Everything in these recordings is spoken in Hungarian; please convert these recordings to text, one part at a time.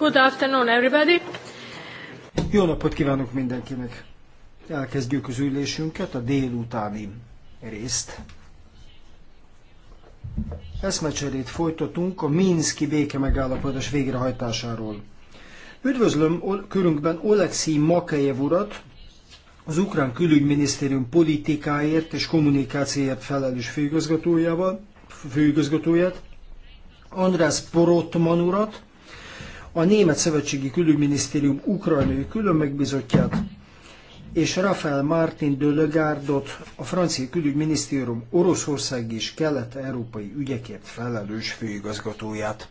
Good afternoon, everybody. Jó napot kívánok mindenkinek! Elkezdjük az ülésünket, a délutáni részt. Eszmecserét folytatunk a Minszki béke megállapodás végrehajtásáról. Üdvözlöm körünkben Olexi Makejev urat, az Ukrán Külügyminisztérium politikáért és kommunikációért felelős főigazgatójával, főigazgatóját, András Porotman urat, a Német Szövetségi Külügyminisztérium ukrajnai külön és Rafael Martin de Legardot, a francia külügyminisztérium Oroszország és kelet-európai ügyekért felelős főigazgatóját.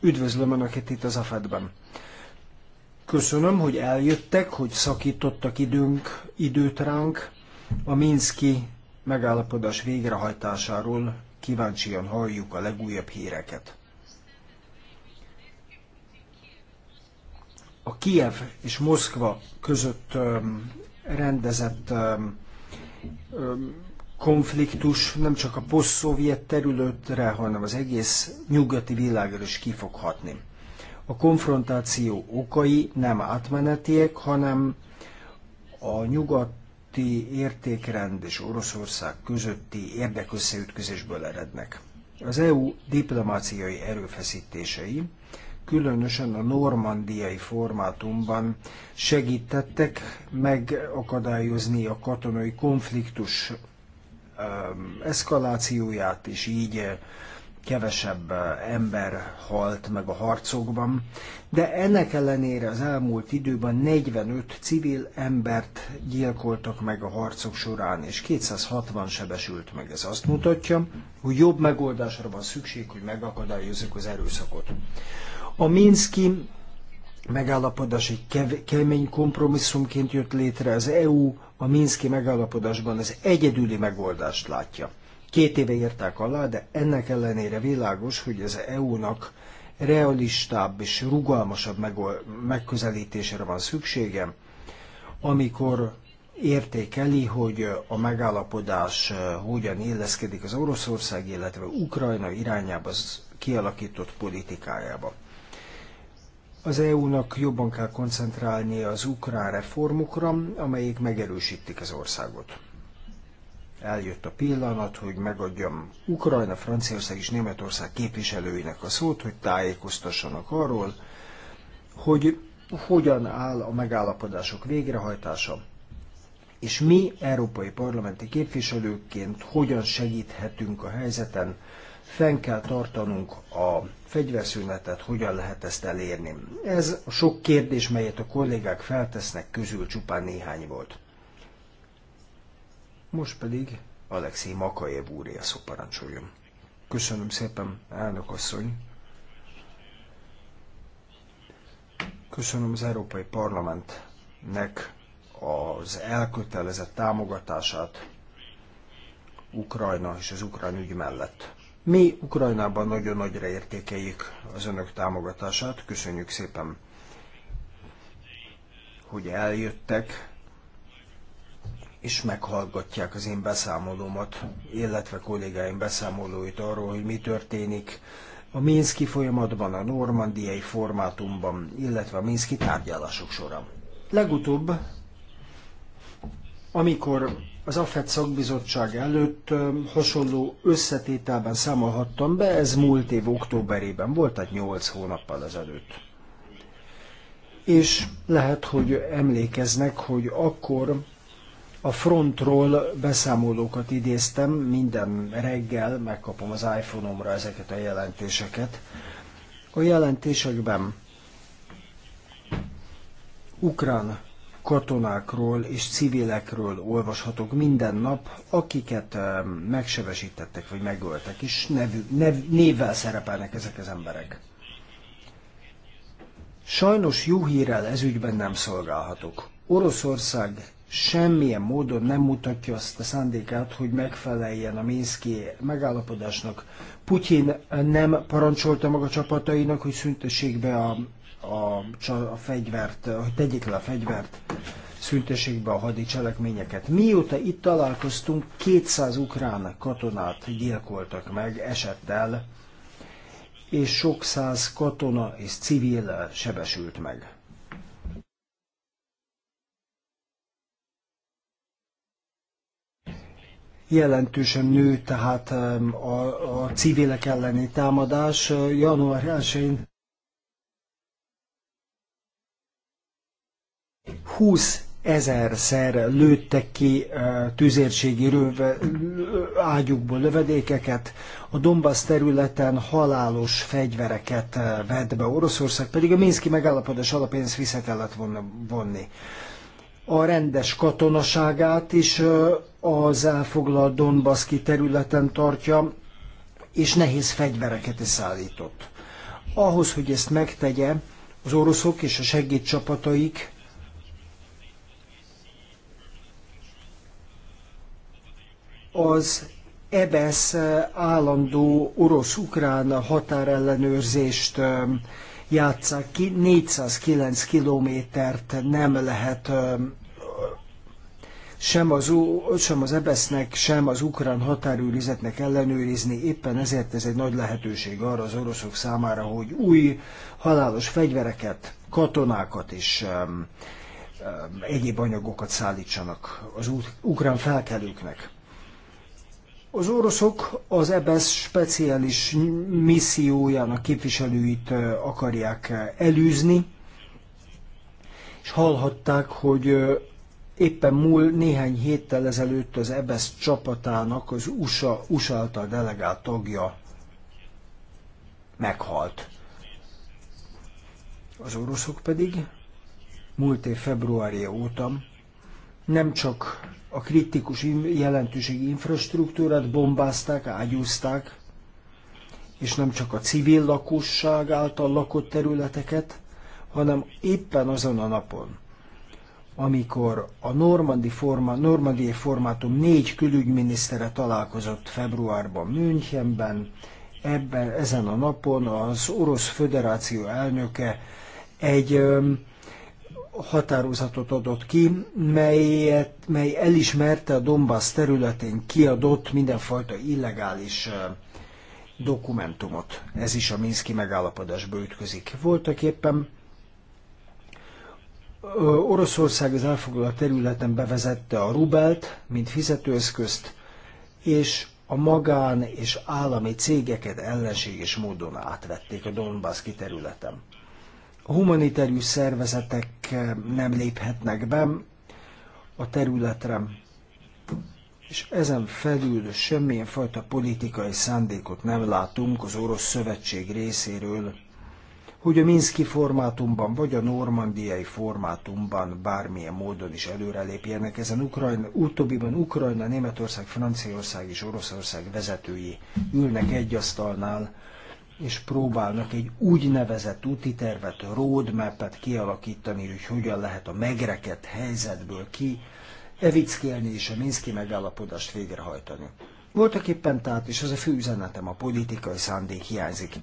Üdvözlöm Önöket itt az AFED-ben. Köszönöm, hogy eljöttek, hogy szakítottak időnk, időt ránk a Minszki megállapodás végrehajtásáról kíváncsian halljuk a legújabb híreket. a Kiev és Moszkva között rendezett konfliktus nem csak a poszt-szovjet területre, hanem az egész nyugati világra is kifoghatni. A konfrontáció okai nem átmenetiek, hanem a nyugati értékrend és Oroszország közötti érdekösszeütközésből erednek. Az EU diplomáciai erőfeszítései különösen a normandiai formátumban segítettek megakadályozni a katonai konfliktus um, eszkalációját, és így uh, kevesebb uh, ember halt meg a harcokban, de ennek ellenére az elmúlt időben 45 civil embert gyilkoltak meg a harcok során, és 260 sebesült meg. Ez azt mutatja, hogy jobb megoldásra van szükség, hogy megakadályozzuk az erőszakot. A Minszki megállapodás egy kemény kompromisszumként jött létre, az EU a Minszki megállapodásban az egyedüli megoldást látja. Két éve írták alá, de ennek ellenére világos, hogy az EU-nak realistább és rugalmasabb megközelítésre van szüksége, amikor értékeli, hogy a megállapodás eh, hogyan illeszkedik az Oroszország, illetve Ukrajna irányába az kialakított politikájába. Az EU-nak jobban kell koncentrálnia az ukrán reformokra, amelyek megerősítik az országot. Eljött a pillanat, hogy megadjam Ukrajna, Franciaország és Németország képviselőinek a szót, hogy tájékoztassanak arról, hogy hogyan áll a megállapodások végrehajtása, és mi európai parlamenti képviselőként hogyan segíthetünk a helyzeten, fenn kell tartanunk a fegyverszünetet, hogyan lehet ezt elérni. Ez a sok kérdés, melyet a kollégák feltesznek, közül csupán néhány volt. Most pedig Alexi Makajev úr a parancsoljon. Köszönöm szépen, elnök asszony. Köszönöm az Európai Parlamentnek az elkötelezett támogatását Ukrajna és az ukrán ügy mellett. Mi Ukrajnában nagyon nagyra értékeljük az önök támogatását, köszönjük szépen, hogy eljöttek, és meghallgatják az én beszámolómat, illetve kollégáim beszámolóit arról, hogy mi történik a Minszki folyamatban, a normandiai formátumban, illetve a Minszki tárgyalások során. Legutóbb, amikor az AFET szakbizottság előtt hasonló összetételben számolhattam be, ez múlt év októberében volt, tehát 8 hónappal ezelőtt. És lehet, hogy emlékeznek, hogy akkor a frontról beszámolókat idéztem, minden reggel megkapom az iPhone-omra ezeket a jelentéseket. A jelentésekben ukrán katonákról és civilekről olvashatok minden nap, akiket eh, megsebesítettek vagy megöltek, és nevű, nev, névvel szerepelnek ezek az emberek. Sajnos jó hírrel ezügyben nem szolgálhatok. Oroszország semmilyen módon nem mutatja azt a szándékát, hogy megfeleljen a Minszki megállapodásnak. Putyin nem parancsolta maga csapatainak, hogy szüntessék be a a, a fegyvert, hogy tegyék le a fegyvert, szüntessék be a hadi cselekményeket. Mióta itt találkoztunk, 200 ukrán katonát gyilkoltak meg el, és sok száz katona és civil sebesült meg. jelentősen nő tehát um, a, a civilek elleni támadás. Uh, január 1-én 20 ezerszer lőttek ki tüzérségi röve, ágyukból lövedékeket, a Donbass területen halálos fegyvereket vett be Oroszország, pedig a Minszki megállapodás alapján ezt vissza kellett volna vonni. A rendes katonaságát is az elfoglalt Donbaszki területen tartja, és nehéz fegyvereket is szállított. Ahhoz, hogy ezt megtegye, az oroszok és a segédcsapataik az EBESZ állandó orosz-ukrán határellenőrzést játszák ki, 409 kilométert nem lehet sem az, sem az ebesz nek sem az ukrán határőrizetnek ellenőrizni, éppen ezért ez egy nagy lehetőség arra az oroszok számára, hogy új halálos fegyvereket, katonákat és um, um, egyéb anyagokat szállítsanak az ukrán felkelőknek. Az oroszok az EBSZ e speciális missziójának képviselőit akarják elűzni, és hallhatták, hogy éppen múl néhány héttel ezelőtt az EBSZ e csapatának az USA, USA által delegált tagja meghalt. Az oroszok pedig múlt év februárja óta nem csak a kritikus jelentőségi infrastruktúrát bombázták, ágyúzták, és nem csak a civil lakosság által lakott területeket, hanem éppen azon a napon, amikor a normandi forma, normandiai formátum négy külügyminisztere találkozott februárban Münchenben, ebben, ezen a napon az Orosz Föderáció elnöke egy ö, határozatot adott ki, melyet, mely elismerte a Donbass területén kiadott mindenfajta illegális dokumentumot. Ez is a Minszki megállapodásba ütközik. Voltak éppen Oroszország az elfoglalt területen bevezette a rubelt, mint fizetőeszközt, és a magán és állami cégeket ellenséges módon átvették a Donbass kiterületen humanitárius szervezetek eh, nem léphetnek be a területre, és ezen felül semmilyen fajta politikai szándékot nem látunk az Orosz Szövetség részéről, hogy a Minszki formátumban vagy a normandiai formátumban bármilyen módon is előrelépjenek. Ezen Ukrajna, utóbbiban Ukrajna, Németország, Franciaország és Oroszország vezetői ülnek egy asztalnál, és próbálnak egy úgynevezett úti tervet, roadmap-et kialakítani, hogy hogyan lehet a megrekedt helyzetből ki evickélni és a Minszki megállapodást végrehajtani. Voltak éppen tehát, és az a fő üzenetem, a politikai szándék hiányzik.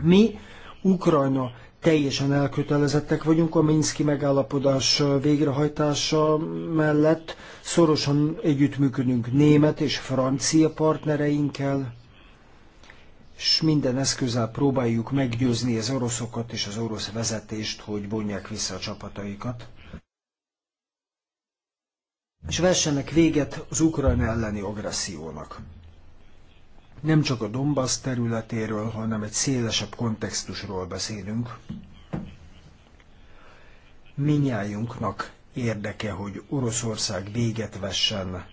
Mi Ukrajna teljesen elkötelezettek vagyunk a Minszki megállapodás végrehajtása mellett. Szorosan együttműködünk német és francia partnereinkkel, és minden eszközzel próbáljuk meggyőzni az oroszokat és az orosz vezetést, hogy vonják vissza a csapataikat. És vessenek véget az Ukrajna elleni agressziónak nem csak a Donbass területéről, hanem egy szélesebb kontextusról beszélünk. Minnyájunknak érdeke, hogy Oroszország véget vessen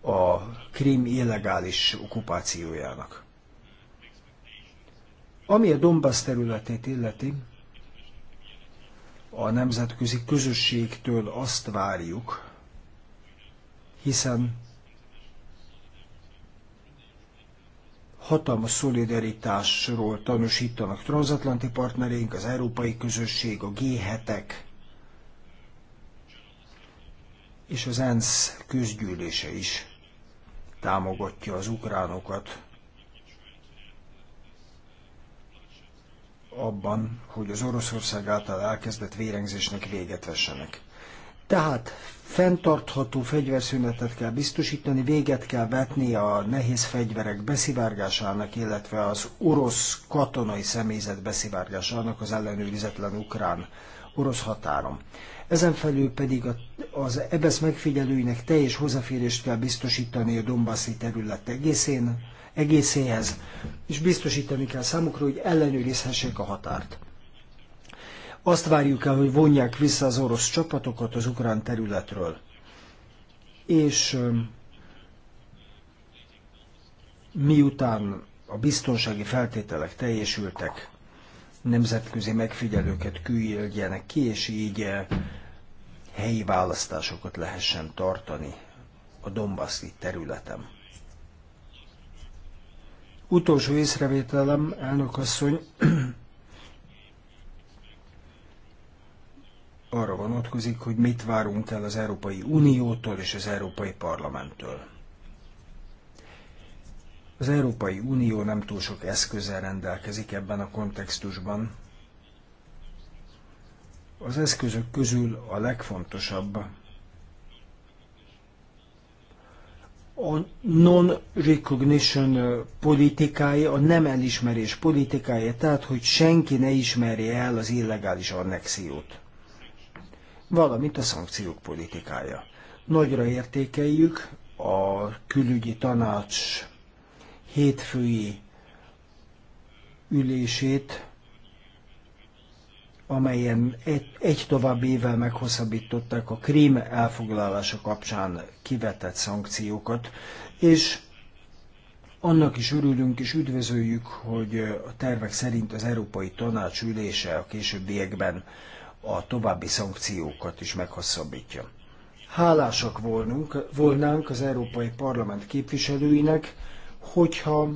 a krim illegális okupációjának. Ami a Donbass területét illeti, a nemzetközi közösségtől azt várjuk, hiszen hatalmas szolidaritásról tanúsítanak transatlanti partnereink, az európai közösség, a G7-ek és az ENSZ közgyűlése is támogatja az ukránokat abban, hogy az Oroszország által elkezdett vérengzésnek véget vessenek. Tehát fenntartható fegyverszünetet kell biztosítani, véget kell vetni a nehéz fegyverek beszivárgásának, illetve az orosz katonai személyzet beszivárgásának az ellenőrizetlen ukrán orosz határon. Ezen felül pedig az EBSZ megfigyelőinek teljes hozzáférést kell biztosítani a Dombászi terület egészén, egészéhez, és biztosítani kell számukra, hogy ellenőrizhessék a határt. Azt várjuk el, hogy vonják vissza az orosz csapatokat az ukrán területről. És miután a biztonsági feltételek teljesültek, nemzetközi megfigyelőket küldjenek ki, és így eh, helyi választásokat lehessen tartani a Dombaszi területen. Utolsó észrevételem, elnök asszony, arra vonatkozik, hogy mit várunk el az Európai Uniótól és az Európai Parlamenttől. Az Európai Unió nem túl sok eszközzel rendelkezik ebben a kontextusban. Az eszközök közül a legfontosabb a non-recognition politikája, a nem elismerés politikája, tehát hogy senki ne ismerje el az illegális annexiót valamint a szankciók politikája. Nagyra értékeljük a külügyi tanács hétfői ülését, amelyen egy, egy további évvel meghosszabbították a krím elfoglalása kapcsán kivetett szankciókat, és annak is örülünk és üdvözöljük, hogy a tervek szerint az Európai Tanács ülése a későbbiekben a további szankciókat is meghosszabbítja. Hálásak volnunk, volnánk az Európai Parlament képviselőinek, hogyha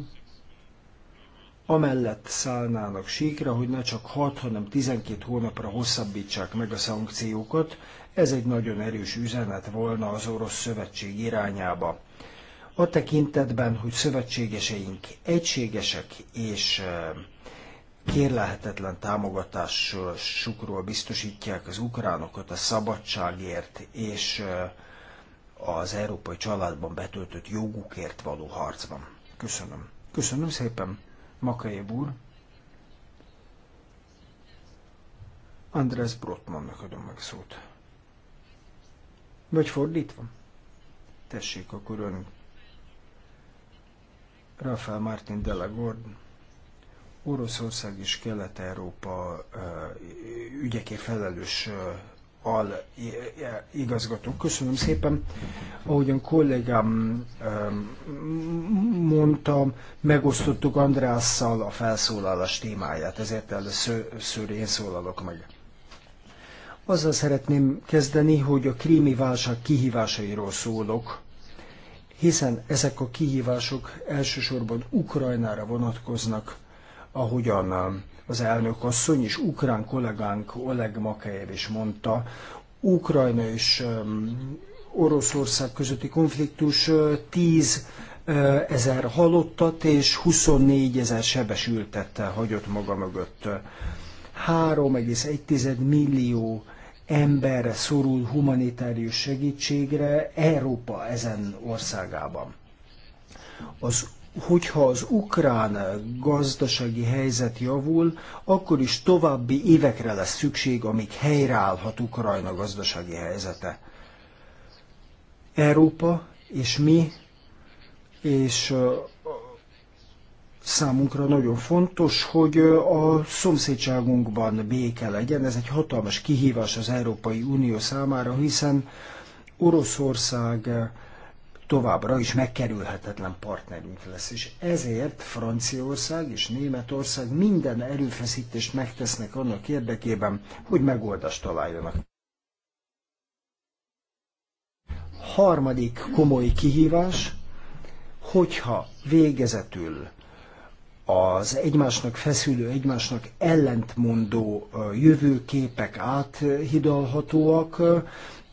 amellett szállnának síkra, hogy ne csak 6, hanem 12 hónapra hosszabbítsák meg a szankciókat, ez egy nagyon erős üzenet volna az orosz szövetség irányába. A tekintetben, hogy szövetségeseink egységesek és eh, kérlehetetlen támogatásukról biztosítják az ukránokat a szabadságért és az európai családban betöltött jogukért való harcban. Köszönöm. Köszönöm szépen, Makajev úr. András Brotmannak adom meg szót. Vagy fordítva? Tessék, akkor ön. Rafael Martin de la Gordon. Oroszország és Kelet-Európa eh, ügyekért felelős eh, al eh, igazgató. Köszönöm szépen. Ahogyan kollégám mondta, megosztottuk Andrásszal a felszólalás témáját, ezért először én szólalok meg. Azzal szeretném kezdeni, hogy a krími válság kihívásairól szólok, hiszen ezek a kihívások elsősorban Ukrajnára vonatkoznak, ahogyan eh, az elnök asszony és ukrán kollégánk Oleg Makayev is mondta, Ukrajna és eh, Oroszország közötti konfliktus 10 eh, ezer halottat és 24 ezer sebesültet hagyott maga mögött. 3,1 millió ember szorul humanitárius segítségre Európa ezen országában. Az hogyha az ukrán gazdasági helyzet javul, akkor is további évekre lesz szükség, amíg helyreállhat Ukrajna gazdasági helyzete. Európa és mi, és számunkra nagyon fontos, hogy a szomszédságunkban béke legyen. Ez egy hatalmas kihívás az Európai Unió számára, hiszen Oroszország továbbra is megkerülhetetlen partnerünk lesz. És ezért Franciaország és Németország minden erőfeszítést megtesznek annak érdekében, hogy megoldást találjanak. Harmadik komoly kihívás, hogyha végezetül az egymásnak feszülő, egymásnak ellentmondó jövőképek áthidalhatóak,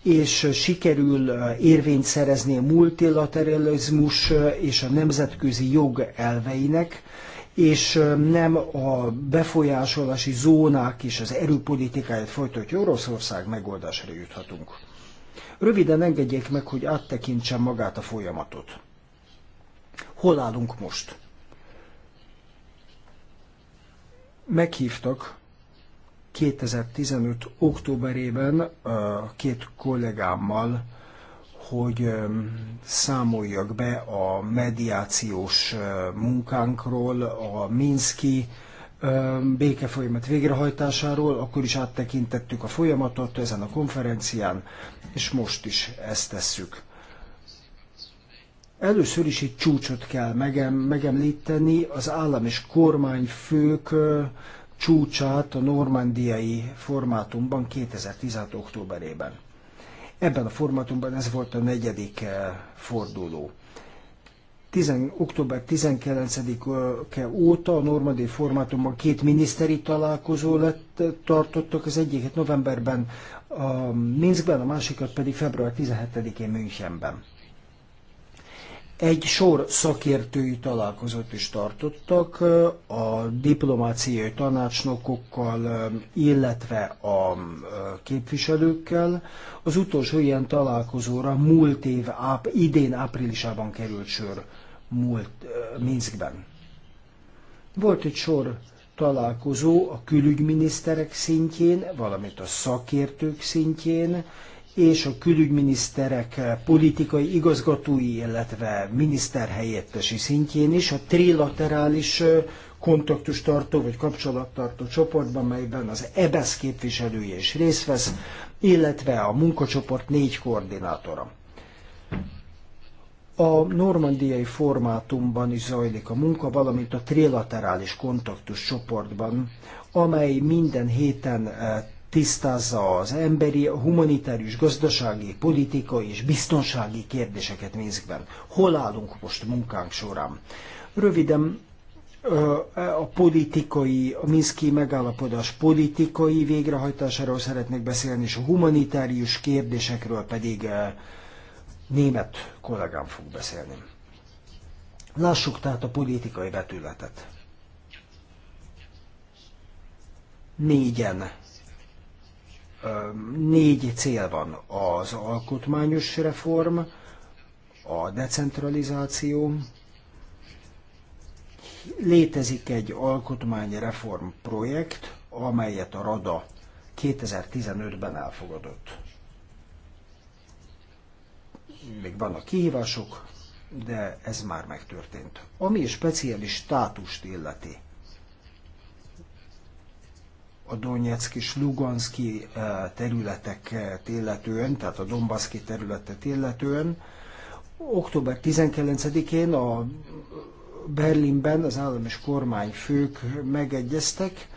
és sikerül érvényt szerezni a multilateralizmus és a nemzetközi jog elveinek, és nem a befolyásolási zónák és az erőpolitikáját folytatja Oroszország megoldásra juthatunk. Röviden engedjék meg, hogy áttekintsem magát a folyamatot. Hol állunk most? Meghívtak 2015. októberében a két kollégámmal, hogy számoljak be a mediációs munkánkról, a Minszki békefolyamat végrehajtásáról, akkor is áttekintettük a folyamatot ezen a konferencián, és most is ezt tesszük. Először is egy csúcsot kell megem, megemlíteni, az állam és kormányfők csúcsát a normandiai formátumban 2016. októberében. Ebben a formátumban ez volt a negyedik eh, forduló. 10, október 19-e óta a normandi formátumban két miniszteri találkozó lett, eh, tartottak, az egyiket novemberben a Minskben, a másikat pedig február 17-én Münchenben egy sor szakértői találkozót is tartottak a diplomáciai tanácsnokokkal, illetve a képviselőkkel. Az utolsó ilyen találkozóra múlt év, áp, idén áprilisában került sor múlt uh, Minskben. Volt egy sor találkozó a külügyminiszterek szintjén, valamint a szakértők szintjén, és a külügyminiszterek politikai igazgatói, illetve miniszterhelyettesi szintjén is a trilaterális tartó vagy kapcsolattartó csoportban, melyben az EBSZ képviselője is részt vesz, illetve a munkacsoport négy koordinátora. A normandiai formátumban is zajlik a munka, valamint a trilaterális kontaktus csoportban, amely minden héten tisztázza az emberi, humanitárius, gazdasági, politikai és biztonsági kérdéseket Minskben. Hol állunk most munkánk során? Röviden a politikai, a Minszki megállapodás politikai végrehajtásáról szeretnék beszélni, és a humanitárius kérdésekről pedig német kollégám fog beszélni. Lássuk tehát a politikai vetületet. Négyen Négy cél van. Az alkotmányos reform, a decentralizáció, létezik egy alkotmányreform projekt, amelyet a RADA 2015-ben elfogadott. Még vannak kihívások, de ez már megtörtént. Ami speciális státust illeti, a Donetsk és Luganszki eh, területeket illetően, tehát a Dombaszki területet illetően. Október 19-én a Berlinben az állam és kormányfők megegyeztek,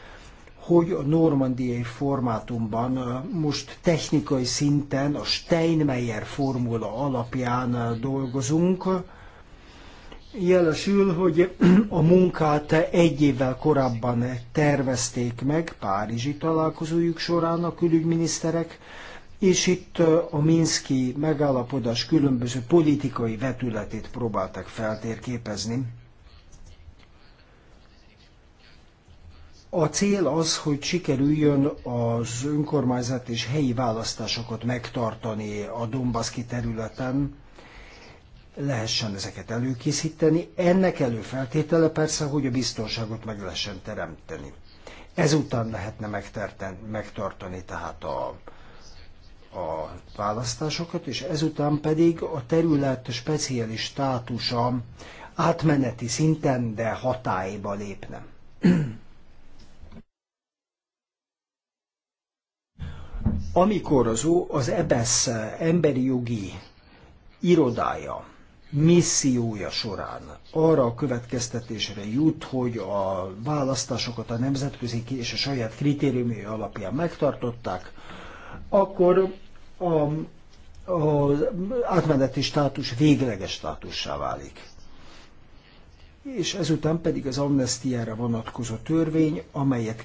hogy a normandiai formátumban eh, most technikai szinten a Steinmeier formula alapján eh, dolgozunk, jelesül, hogy a munkát egy évvel korábban tervezték meg Párizsi találkozójuk során a külügyminiszterek, és itt a Minszki megállapodás különböző politikai vetületét próbáltak feltérképezni. A cél az, hogy sikerüljön az önkormányzat és helyi választásokat megtartani a Dombaszki területen, lehessen ezeket előkészíteni. Ennek előfeltétele persze, hogy a biztonságot meg lehessen teremteni. Ezután lehetne megterten, megtartani tehát a, a választásokat, és ezután pedig a terület speciális státusa átmeneti szinten, de hatályba lépne. Amikor az, az EBSZ e emberi jogi irodája missziója során arra a következtetésre jut, hogy a választásokat a nemzetközi és a saját kritériumai alapján megtartották, akkor a, az átmeneti státus végleges státussá válik. És ezután pedig az amnestiára vonatkozó törvény, amelyet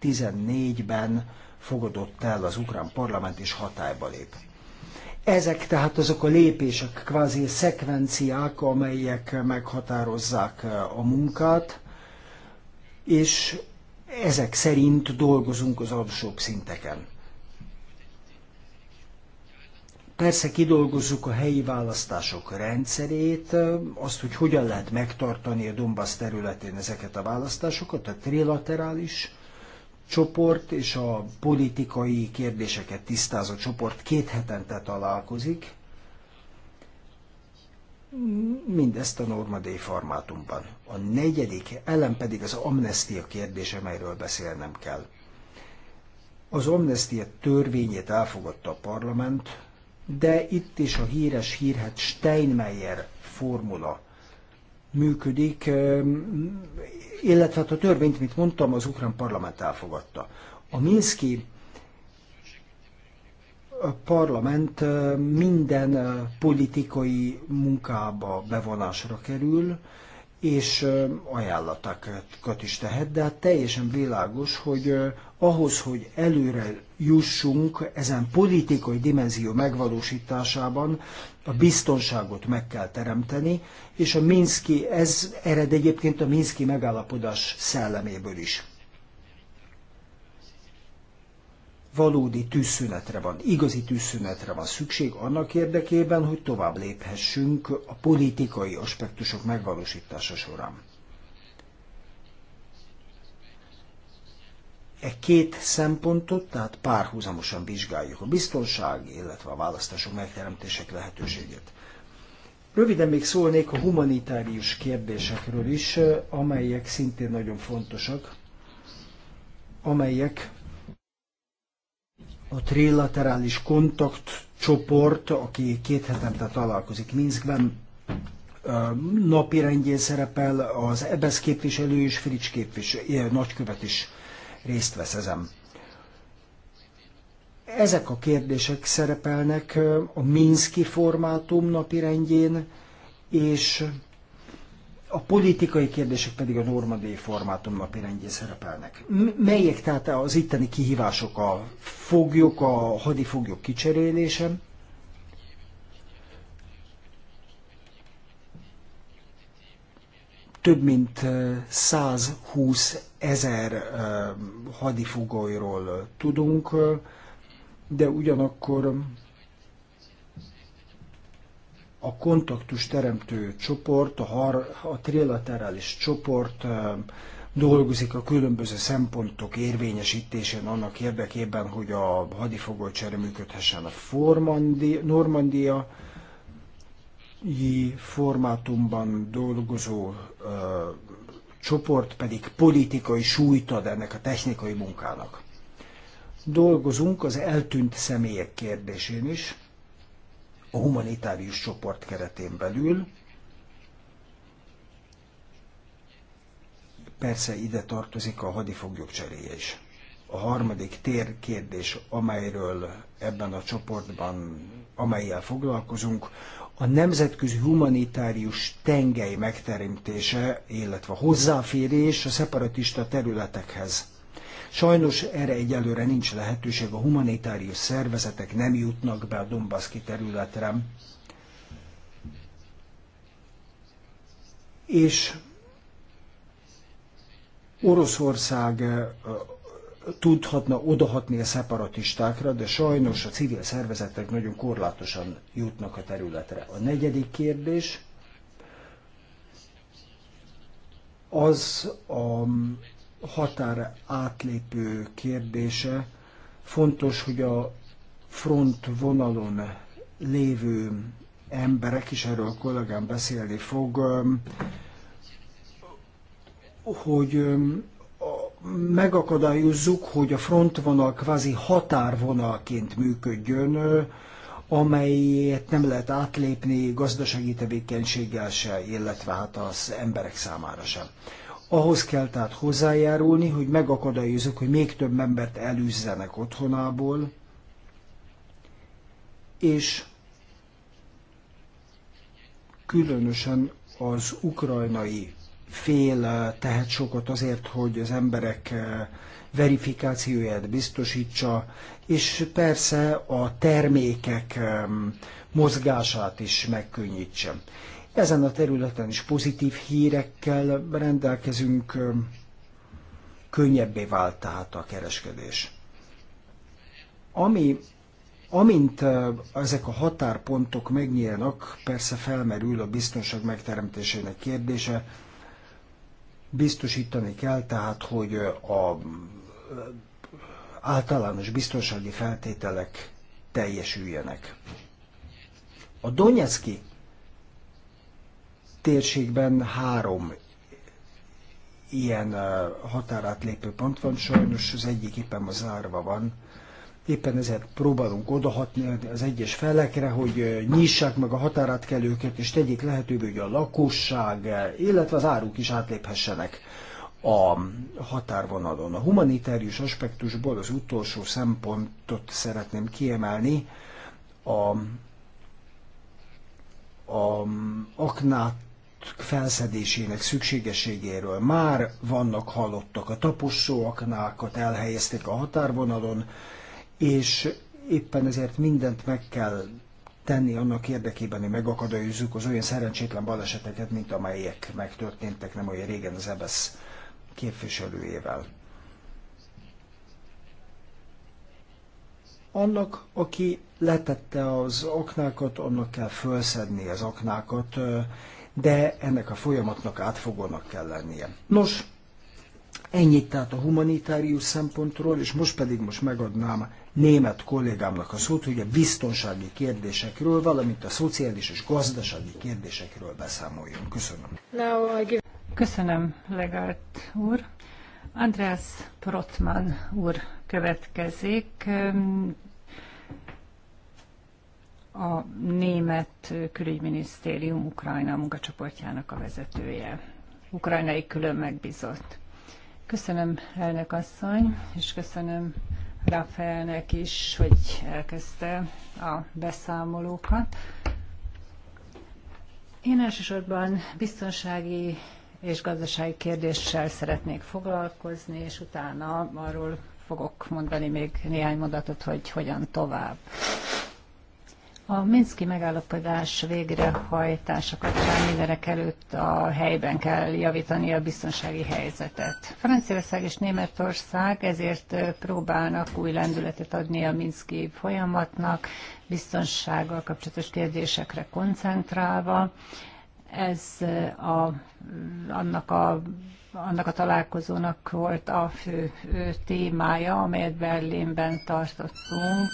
2014-ben fogadott el az ukrán parlament és hatályba lép. Ezek tehát azok a lépések, kvázi szekvenciák, amelyek meghatározzák eh, a munkát, és ezek szerint dolgozunk az alsóbb szinteken. Persze kidolgozzuk a helyi választások rendszerét, eh, azt, hogy hogyan lehet megtartani a Dombasz területén ezeket a választásokat, a trilaterális csoport és a politikai kérdéseket tisztázó csoport két hetente találkozik, mindezt a normadéi formátumban. A negyedik ellen pedig az amnestia kérdése, amelyről beszélnem kell. Az amnestia törvényét elfogadta a parlament, de itt is a híres hírhet Steinmeier formula működik, illetve hát a törvényt, mint mondtam, az ukrán parlament elfogadta. A Minszki eh, parlament eh, minden eh, politikai munkába bevonásra kerül, és ajánlatokat is tehet, de hát teljesen világos, hogy ahhoz, hogy előre jussunk ezen politikai dimenzió megvalósításában, a biztonságot meg kell teremteni, és a Minszki, ez ered egyébként a Minszki megállapodás szelleméből is. valódi tűzszünetre van, igazi tűzszünetre van szükség annak érdekében, hogy tovább léphessünk a politikai aspektusok megvalósítása során. E két szempontot, tehát párhuzamosan vizsgáljuk a biztonság, illetve a választások megteremtések lehetőségét. Röviden még szólnék a humanitárius kérdésekről is, amelyek szintén nagyon fontosak, amelyek a trilaterális kontaktcsoport, aki két hetente találkozik Minskben, napi rendjén szerepel, az EBSZ képviselő és Frics képviselő, nagykövet is részt vesz ezen. Ezek a kérdések szerepelnek a Minszki formátum napi rendjén, és a politikai kérdések pedig a normandai formátum napirendjén szerepelnek. Melyek tehát az itteni kihívások a foglyok, a hadifoglyok kicserélése, több mint 120 ezer hadifogolyról tudunk, de ugyanakkor a kontaktus teremtő csoport, a, har, a trilaterális csoport dolgozik a különböző szempontok érvényesítésén annak érdekében, hogy a hadifogolcsere működhessen a Formandi, Normandia formátumban dolgozó ö, csoport pedig politikai súlyt ad ennek a technikai munkának. Dolgozunk az eltűnt személyek kérdésén is, a humanitárius csoport keretén belül. Persze ide tartozik a hadifoglyok cseréje is. A harmadik tér kérdés, amelyről ebben a csoportban, amelyel foglalkozunk, a nemzetközi humanitárius tengely megteremtése, illetve hozzáférés a szeparatista területekhez. Sajnos erre egyelőre nincs lehetőség, a humanitárius szervezetek nem jutnak be a Dombaszki területre. És Oroszország tudhatna odahatni a szeparatistákra, de sajnos a civil szervezetek nagyon korlátosan jutnak a területre. A negyedik kérdés az a határ átlépő kérdése. Fontos, hogy a front vonalon lévő emberek, is erről a kollégám beszélni fog, hogy um, megakadályozzuk, hogy a frontvonal kvázi határvonalként működjön, amelyet nem lehet átlépni gazdasági tevékenységgel se, illetve hát az emberek számára sem. Ahhoz kell tehát hozzájárulni, hogy megakadályozok, hogy még több embert elűzzenek otthonából, és különösen az ukrajnai fél eh, tehet sokat azért, hogy az emberek eh, verifikációját biztosítsa, és persze a termékek mozgását is megkönnyítse. Ezen a területen is pozitív hírekkel rendelkezünk, könnyebbé vált tehát a kereskedés. Ami, amint ezek a határpontok megnyílnak, persze felmerül a biztonság megteremtésének kérdése, biztosítani kell tehát, hogy a általános biztonsági feltételek teljesüljenek. A Donetszki térségben három ilyen határátlépő pont van, sajnos az egyik éppen ma zárva van. Éppen ezért próbálunk odahatni az egyes felekre, hogy nyissák meg a határátkelőket, és tegyék lehetővé, hogy a lakosság, illetve az áruk is átléphessenek a határvonalon. A humanitárius aspektusból az utolsó szempontot szeretném kiemelni, a, a aknát felszedésének szükségességéről már vannak hallottak. A tapossóaknákat elhelyezték a határvonalon, és éppen ezért mindent meg kell tenni annak érdekében, hogy megakadályozzuk az olyan szerencsétlen baleseteket, mint amelyek megtörténtek nem olyan régen az EBSZ e képviselőjével. Annak, aki letette az aknákat, annak kell felszedni az aknákat, de ennek a folyamatnak átfogónak kell lennie. Nos, ennyit tehát a humanitárius szempontról, és most pedig most megadnám német kollégámnak a szót, hogy a biztonsági kérdésekről, valamint a szociális és gazdasági kérdésekről beszámoljon. Köszönöm. Köszönöm, Legárt úr. András Protman úr következik, a német külügyminisztérium Ukrajna munkacsoportjának a vezetője, ukrajnai külön megbízott. Köszönöm elnök asszony, és köszönöm Rafaelnek is, hogy elkezdte a beszámolókat. Én elsősorban biztonsági és gazdasági kérdéssel szeretnék foglalkozni, és utána arról fogok mondani még néhány mondatot, hogy hogyan tovább. A Minszki megállapodás végrehajtása kapcsán mindenek előtt a helyben kell javítani a biztonsági helyzetet. Franciaország és Németország ezért próbálnak új lendületet adni a Minszki folyamatnak, biztonsággal kapcsolatos kérdésekre koncentrálva. Ez a, annak a annak a találkozónak volt a fő témája, amelyet Berlinben tartottunk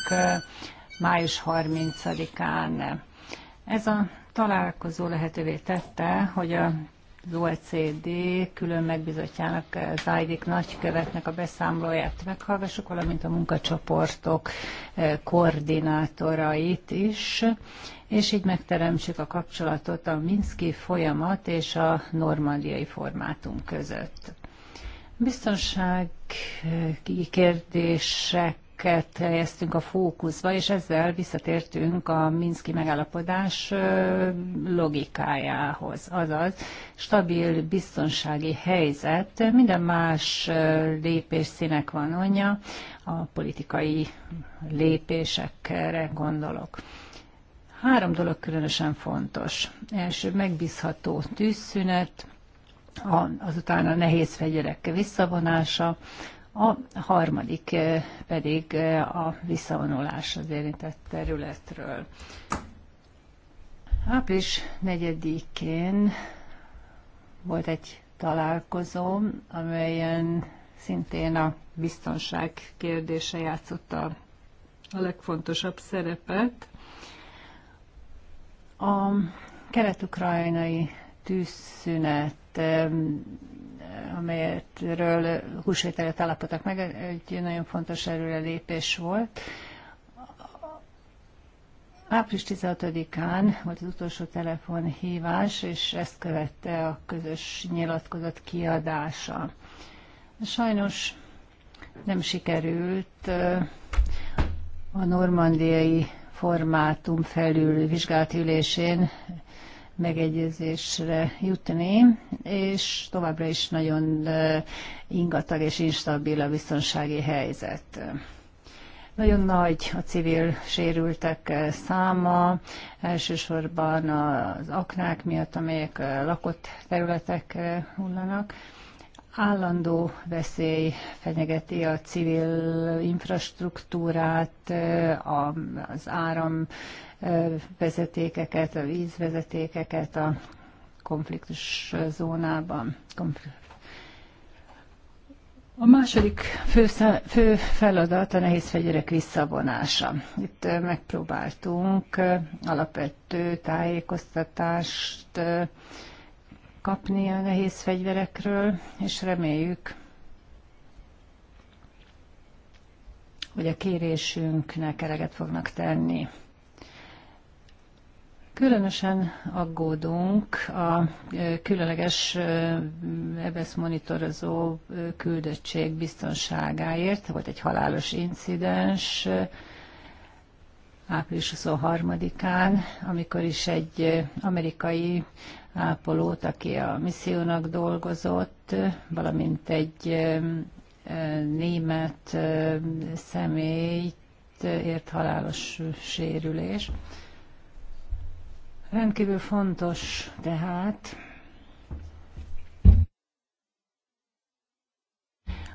május 30-án. Ez a találkozó lehetővé tette, hogy a az OECD külön megbizotjának, Zájdik nagykövetnek a beszámolóját meghallgassuk, valamint a munkacsoportok eh, koordinátorait is, és így megteremtsük a kapcsolatot a Minszki folyamat és a normandiai formátum között. Biztonsági eh, kérdések ügyeket helyeztünk a fókuszba, és ezzel visszatértünk a Minszki megállapodás logikájához. Azaz, stabil biztonsági helyzet, minden más lépés színek van anyja, a politikai lépésekre gondolok. Három dolog különösen fontos. Első megbízható tűzszünet, azután a nehéz fegyverek visszavonása, a harmadik pedig a visszavonulás az érintett területről. Április 4-én volt egy találkozó, amelyen szintén a biztonság kérdése játszotta a legfontosabb szerepet. A kelet-ukrajnai tűzszünet amelyről húsvételet állapodtak meg, egy nagyon fontos előrelépés volt. Április 16-án volt az utolsó telefonhívás, és ezt követte a közös nyilatkozat kiadása. Sajnos nem sikerült a normandiai formátum felül vizsgált ülésén megegyezésre jutni, és továbbra is nagyon ingatag és instabil a biztonsági helyzet. Nagyon nagy a civil sérültek száma, elsősorban az aknák miatt, amelyek lakott területekre hullanak. Állandó veszély fenyegeti a civil infrastruktúrát, az áram vezetékeket, a vízvezetékeket a konfliktus zónában. A második fő, fő feladat a nehéz fegyverek visszavonása. Itt megpróbáltunk alapvető tájékoztatást kapni a nehéz fegyverekről, és reméljük, hogy a kérésünknek eleget fognak tenni. Különösen aggódunk a e, különleges e, EBSZ monitorozó e, küldöttség biztonságáért. Volt egy halálos incidens április 23-án, amikor is egy amerikai ápolót, aki a missziónak dolgozott, valamint egy német személyt ért halálos sérülés. Rendkívül fontos tehát,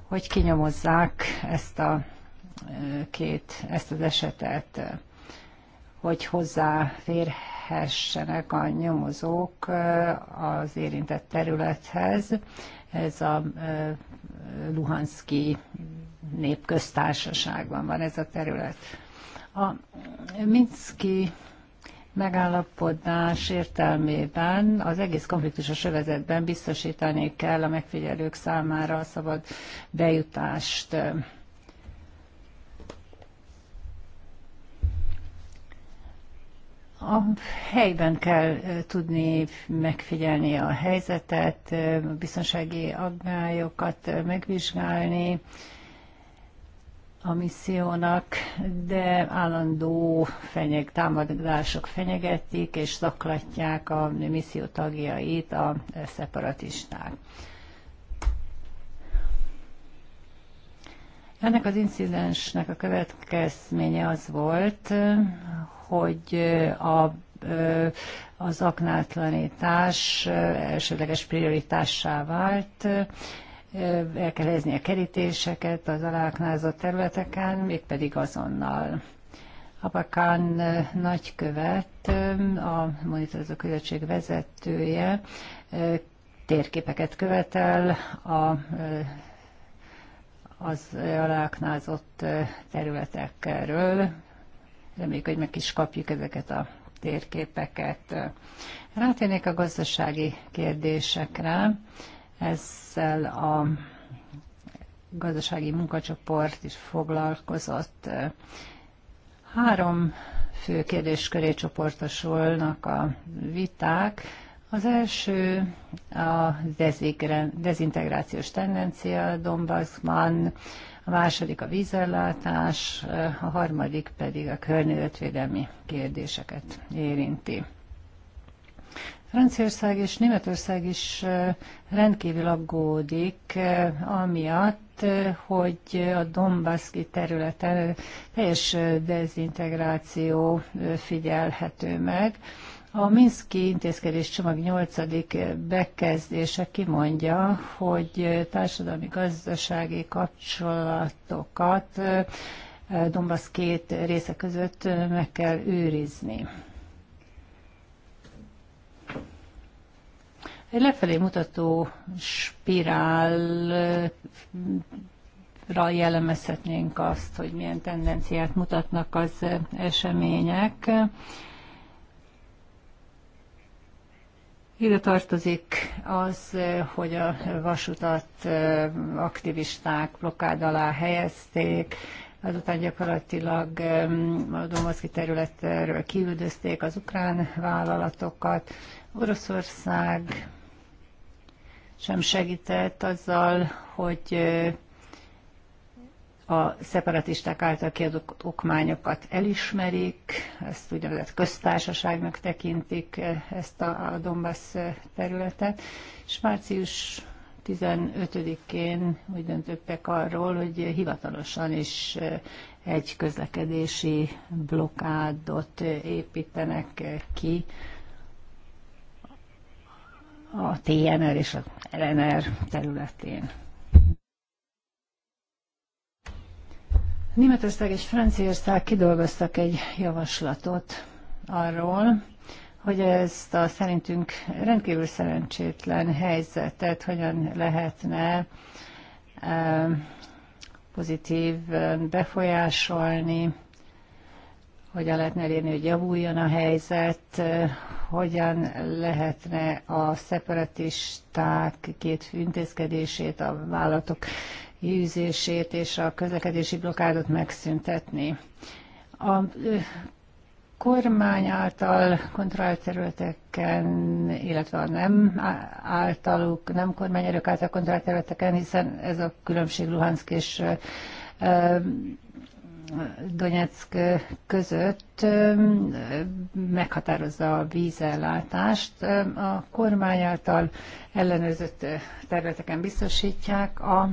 hogy kinyomozzák ezt a két, ezt az esetet, hogy hozzáférhessenek a nyomozók az érintett területhez. Ez a Luhanszki népköztársaságban van ez a terület. A Minszki megállapodás értelmében az egész konfliktusos övezetben biztosítani kell a megfigyelők számára a szabad bejutást. A helyben kell tudni megfigyelni a helyzetet, a biztonsági aggályokat megvizsgálni, a missziónak, de állandó fenyeg, támadások fenyegetik és zaklatják a misszió tagjait a szeparatisták. Ennek az incidensnek a következménye az volt, hogy a az aknátlanítás elsődleges prioritássá vált, el kell helyezni a kerítéseket az aláknázott területeken, mégpedig azonnal. Abakán nagykövet, a monitorozó közösség vezetője térképeket követel a az aláknázott területekről. Reméljük, hogy meg is kapjuk ezeket a térképeket. Rátérnék a gazdasági kérdésekre. Ezzel a gazdasági munkacsoport is foglalkozott. Három fő kérdésköré csoportosulnak a viták. Az első a dezintegrációs tendencia Donbassban, a második a vízellátás, a harmadik pedig a környezetvédelmi kérdéseket érinti. Franciaország és Németország is rendkívül aggódik amiatt, hogy a Dombaszki területen teljes dezintegráció figyelhető meg. A Minszki intézkedés csomag 8. bekezdése kimondja, hogy társadalmi-gazdasági kapcsolatokat Dombasz két része között meg kell őrizni. Egy lefelé mutató spirálra jellemezhetnénk azt, hogy milyen tendenciát mutatnak az események. Ide tartozik az, hogy a vasutat aktivisták blokkád alá helyezték, azután gyakorlatilag a Domoszki területről kiüldözték az ukrán vállalatokat. Oroszország sem segített azzal, hogy a szeparatisták által kiadott okmányokat elismerik, ezt úgynevezett köztársaságnak tekintik ezt a, Donbass területet, és március 15-én úgy döntöttek arról, hogy hivatalosan is egy közlekedési blokádot építenek ki a TNR és a LNR területén. Németország és Franciaország kidolgoztak egy javaslatot arról, hogy ezt a szerintünk rendkívül szerencsétlen helyzetet hogyan lehetne eh, pozitív befolyásolni, hogyan lehetne elérni, hogy javuljon a helyzet, hogyan lehetne a szeparatisták két intézkedését, a vállalatok hűzését és a közlekedési blokádot megszüntetni. A kormány által kontrollált területeken, illetve a nem általuk, nem kormányerők által kontrollált területeken, hiszen ez a különbség Luhansk és Donetsk között meghatározza a vízellátást. A kormány által ellenőrzött területeken biztosítják a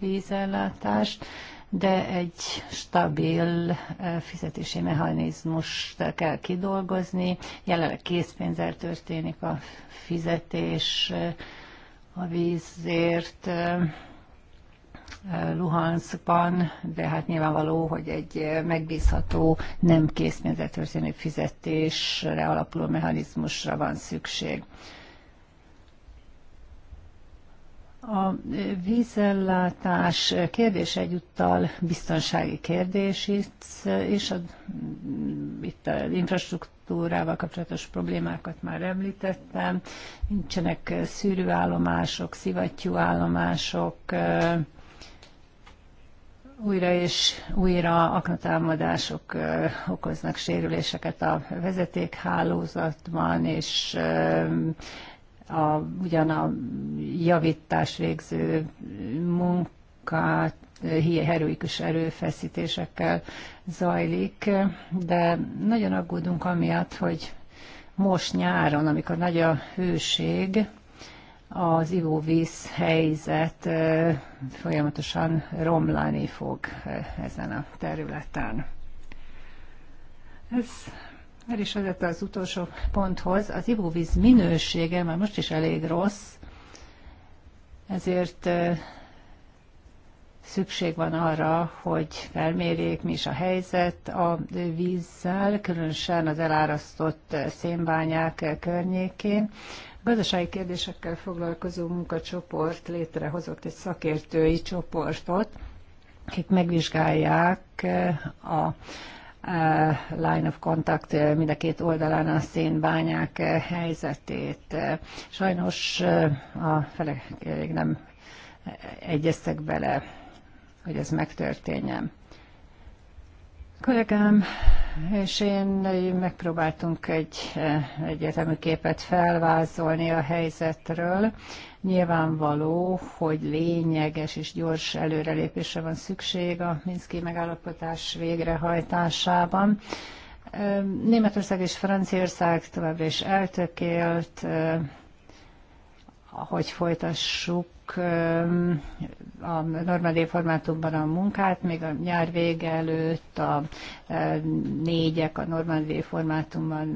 vízellátást, de egy stabil fizetési mechanizmust kell kidolgozni. Jelenleg készpénzzel történik a fizetés a vízért Luhanskban, de hát nyilvánvaló, hogy egy megbízható, nem készpénzre fizetésre alapuló mechanizmusra van szükség. A vízellátás kérdés egyúttal biztonsági kérdés is, és a, itt az infrastruktúrával kapcsolatos problémákat már említettem. Nincsenek szűrőállomások, szivattyúállomások, újra és újra aknatámadások okoznak sérüléseket a vezetékhálózatban, és a, ugyan a javítás végző munkát heroikus erőfeszítésekkel zajlik, de nagyon aggódunk amiatt, hogy most nyáron, amikor nagy a hőség, az ivóvíz helyzet folyamatosan romlani fog ezen a területen. Ez el is vezette az utolsó ponthoz. Az ivóvíz minősége már most is elég rossz, ezért szükség van arra, hogy felmérjék, mi is a helyzet a vízzel, különösen az elárasztott szénbányák környékén gazdasági kérdésekkel foglalkozó munkacsoport létrehozott egy szakértői csoportot, akik megvizsgálják eh, a eh, line of contact eh, mind a két oldalán a szénbányák helyzetét. Sajnos a felek nem egyeztek bele, hogy ez megtörténjen kollégám és én megpróbáltunk egy eh, egyetemű képet felvázolni a helyzetről. Nyilvánvaló, hogy lényeges és gyors előrelépésre van szükség a Minszki megállapodás végrehajtásában. Eh, Németország és Franciaország továbbra is eltökélt, eh, hogy folytassuk a normál formátumban a munkát, még a nyár vége előtt a négyek a normál formátumban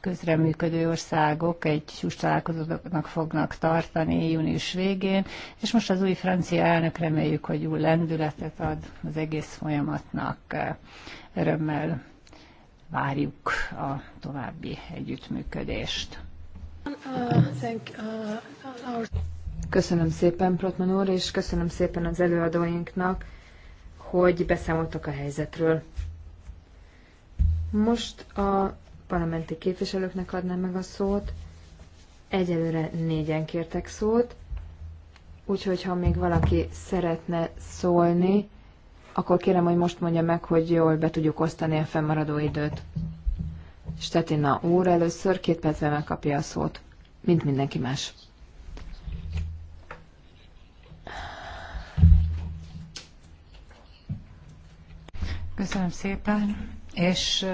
közreműködő országok egy csúcstalálkozónak fognak tartani június végén, és most az új francia elnök reméljük, hogy új lendületet ad az egész folyamatnak. Örömmel várjuk a további együttműködést. Köszönöm szépen, Protman úr, és köszönöm szépen az előadóinknak, hogy beszámoltak a helyzetről. Most a parlamenti képviselőknek adnám meg a szót. Egyelőre négyen kértek szót, úgyhogy ha még valaki szeretne szólni, akkor kérem, hogy most mondja meg, hogy jól be tudjuk osztani a fennmaradó időt. Stetina úr először két percben megkapja a szót, mint mindenki más. Köszönöm szépen, és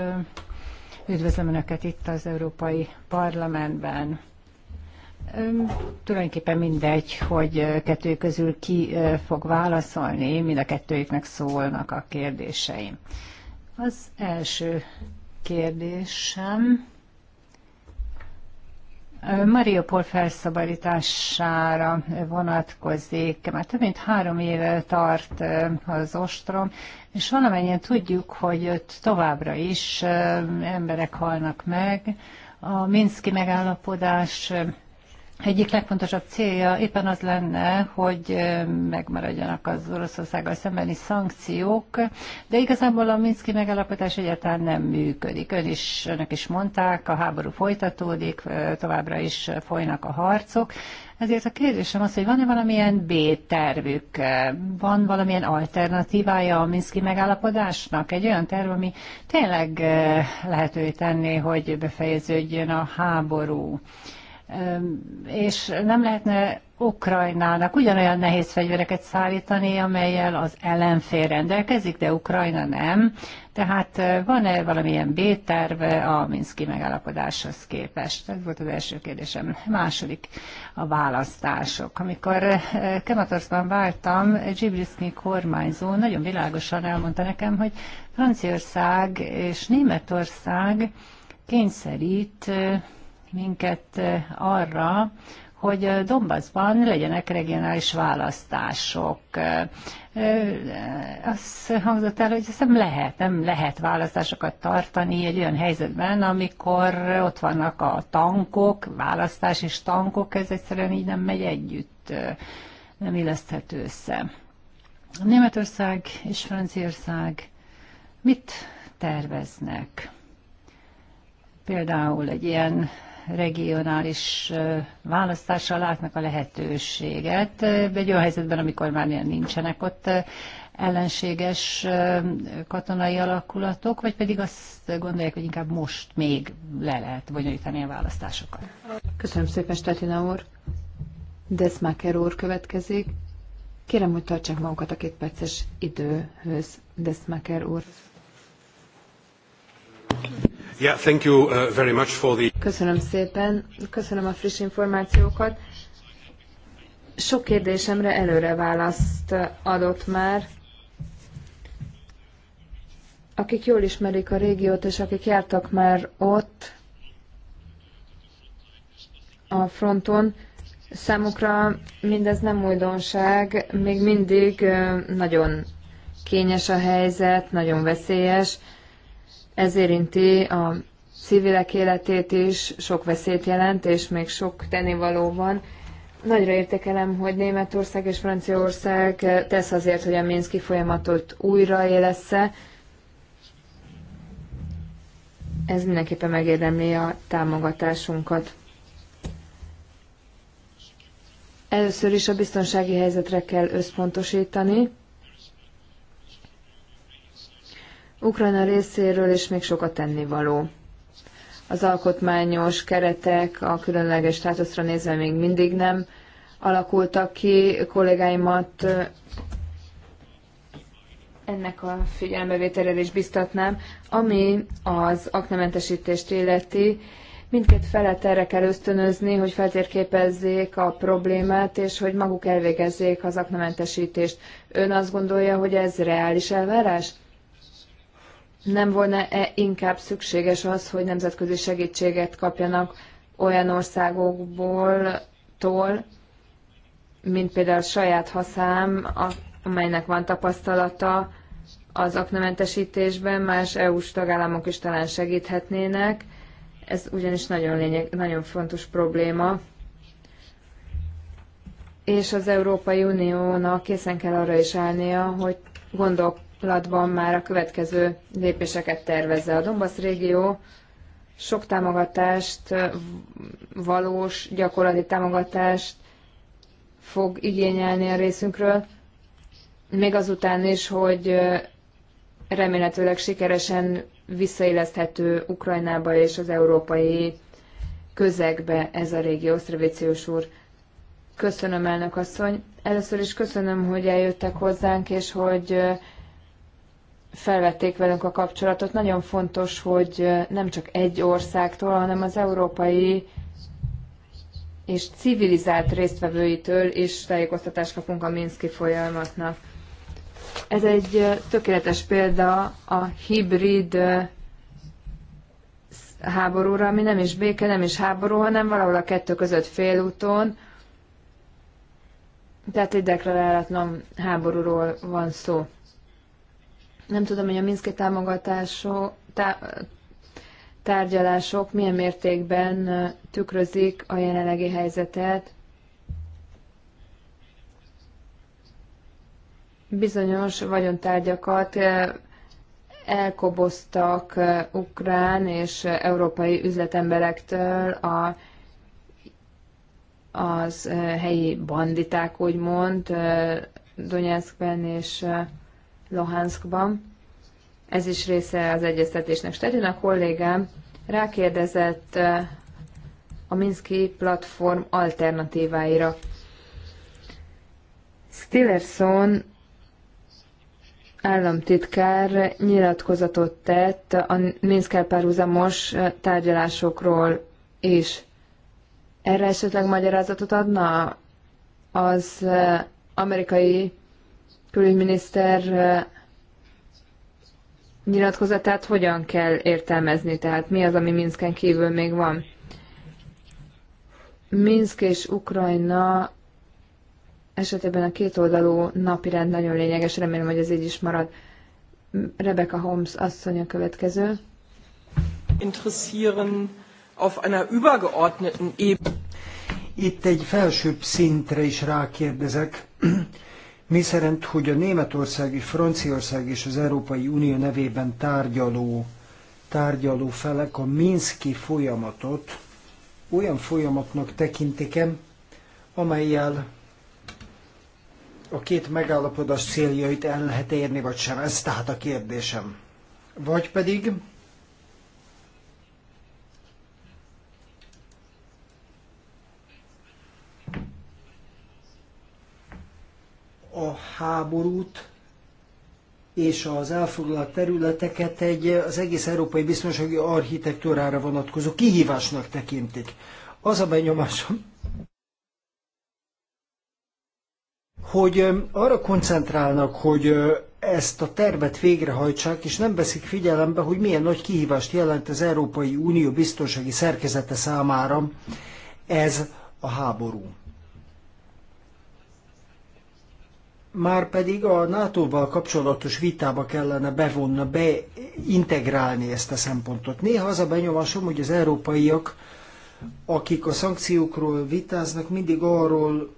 üdvözlöm Önöket itt az Európai Parlamentben. Tulajdonképpen mindegy, hogy kettő közül ki fog válaszolni, mind a kettőjüknek szólnak a kérdéseim. Az első kérdésem. Mariupol felszabadítására vonatkozik. mert több mint három éve tart az ostrom, és valamennyien tudjuk, hogy ott továbbra is emberek halnak meg. A Minszki megállapodás egyik legfontosabb célja éppen az lenne, hogy megmaradjanak az Oroszországgal szembeni szankciók, de igazából a Minszki megállapodás egyáltalán nem működik. Ön is, önök is mondták, a háború folytatódik, továbbra is folynak a harcok, ezért a kérdésem az, hogy van-e valamilyen B-tervük, van valamilyen alternatívája a Minszki megállapodásnak? Egy olyan terv, ami tényleg lehetővé tenné, hogy befejeződjön a háború és nem lehetne Ukrajnának ugyanolyan nehéz fegyvereket szállítani, amelyel az ellenfél rendelkezik, de Ukrajna nem. Tehát van-e valamilyen b a Minszki megállapodáshoz képest? Ez volt az első kérdésem. Második a választások. Amikor Kematorszban váltam, Dzsibriszki kormányzó nagyon világosan elmondta nekem, hogy Franciaország és Németország kényszerít minket eh, arra, hogy Dombaszban legyenek regionális választások. Eh, eh, az hangzott el, hogy nem lehet, nem lehet választásokat tartani egy olyan helyzetben, amikor ott vannak a tankok, választás és tankok, ez egyszerűen így nem megy együtt, nem illeszthető össze. Németország és Franciaország mit terveznek? Például egy ilyen regionális választással látnak a lehetőséget. Egy olyan helyzetben, amikor már nincsenek ott ellenséges katonai alakulatok, vagy pedig azt gondolják, hogy inkább most még le lehet bonyolítani a választásokat. Köszönöm szépen, Stetina úr. Deszmáker úr következik. Kérem, hogy tartsák magukat a két perces időhöz, Deszmáker úr. Yeah, thank you uh, very much for the... Köszönöm szépen, köszönöm a friss információkat. Sok kérdésemre előre választ adott már. Akik jól ismerik a régiót, és akik jártak már ott, a fronton. Számukra mindez nem újdonság, még mindig nagyon kényes a helyzet, nagyon veszélyes. Ez érinti a civilek életét is, sok veszélyt jelent, és még sok tennivaló van. Nagyra értékelem, hogy Németország és Franciaország tesz azért, hogy a Minszki folyamatot újra élesse. Ez mindenképpen megérdemli a támogatásunkat. Először is a biztonsági helyzetre kell összpontosítani. Ukrajna részéről is még sokat tennivaló. Az alkotmányos keretek a különleges státuszra nézve még mindig nem alakultak ki. Kollégáimat ennek a figyelmevételre is biztatnám, ami az aknamentesítést illeti. Mindkét felet erre kell ösztönözni, hogy feltérképezzék a problémát, és hogy maguk elvégezzék az aknamentesítést. Ön azt gondolja, hogy ez reális elvárás? nem volna-e inkább szükséges az, hogy nemzetközi segítséget kapjanak olyan országokból, tól, mint például a saját haszám, amelynek van tapasztalata az aknamentesítésben, más EU-s tagállamok is talán segíthetnének. Ez ugyanis nagyon, lényeg, nagyon fontos probléma. És az Európai Uniónak készen kell arra is állnia, hogy gondok gyakorlatban már a következő lépéseket tervezze. A Donbass régió sok támogatást, valós gyakorlati támogatást fog igényelni a részünkről, még azután is, hogy remélhetőleg sikeresen visszaélezhető Ukrajnába és az európai közegbe ez a régió, Osztravicius úr. Köszönöm, elnök asszony. Először is köszönöm, hogy eljöttek hozzánk, és hogy felvették velünk a kapcsolatot. Nagyon fontos, hogy nem csak egy országtól, hanem az európai és civilizált résztvevőitől is tájékoztatást kapunk a Minszki folyamatnak. Ez egy tökéletes példa a hibrid háborúra, ami nem is béke, nem is háború, hanem valahol a kettő között félúton. Tehát egy deklarálatlan háborúról van szó. Nem tudom, hogy a Minszki támogatások, tá, tárgyalások milyen mértékben tükrözik a jelenlegi helyzetet. Bizonyos vagyontárgyakat elkoboztak ukrán és európai üzletemberektől a, az helyi banditák, úgymond, Donetskben és Lohanskban. Ez is része az egyeztetésnek. Stedin a kollégám rákérdezett eh, a Minszki platform alternatíváira. Stillerson államtitkár nyilatkozatot tett a Minszkel párhuzamos eh, tárgyalásokról is. Erre esetleg magyarázatot adna az eh, amerikai külügyminiszter nyilatkozatát hogyan kell értelmezni, tehát mi az, ami Minszken kívül még van. Minsk és Ukrajna esetében a kétoldalú napirend nagyon lényeges, remélem, hogy ez így is marad. Rebecca Holmes asszony a következő. Interessieren auf einer übergeordneten Ebene. Itt egy felsőbb szintre is rákérdezek mi szerint, hogy a Németország és Franciaország és az Európai Unió nevében tárgyaló, tárgyaló felek a Minszki folyamatot olyan folyamatnak tekintik, -e, amelyel a két megállapodás céljait el lehet érni, vagy sem. Ez tehát a kérdésem. Vagy pedig a háborút és az elfoglalt területeket egy az egész európai biztonsági architektúrára vonatkozó kihívásnak tekintik. Az a benyomásom, hogy arra koncentrálnak, hogy ezt a tervet végrehajtsák, és nem veszik figyelembe, hogy milyen nagy kihívást jelent az Európai Unió biztonsági szerkezete számára ez a háború. már pedig a NATO-val kapcsolatos vitába kellene bevonna, beintegrálni ezt a szempontot. Néha az a benyomásom, hogy az európaiak, akik a szankciókról vitáznak, mindig arról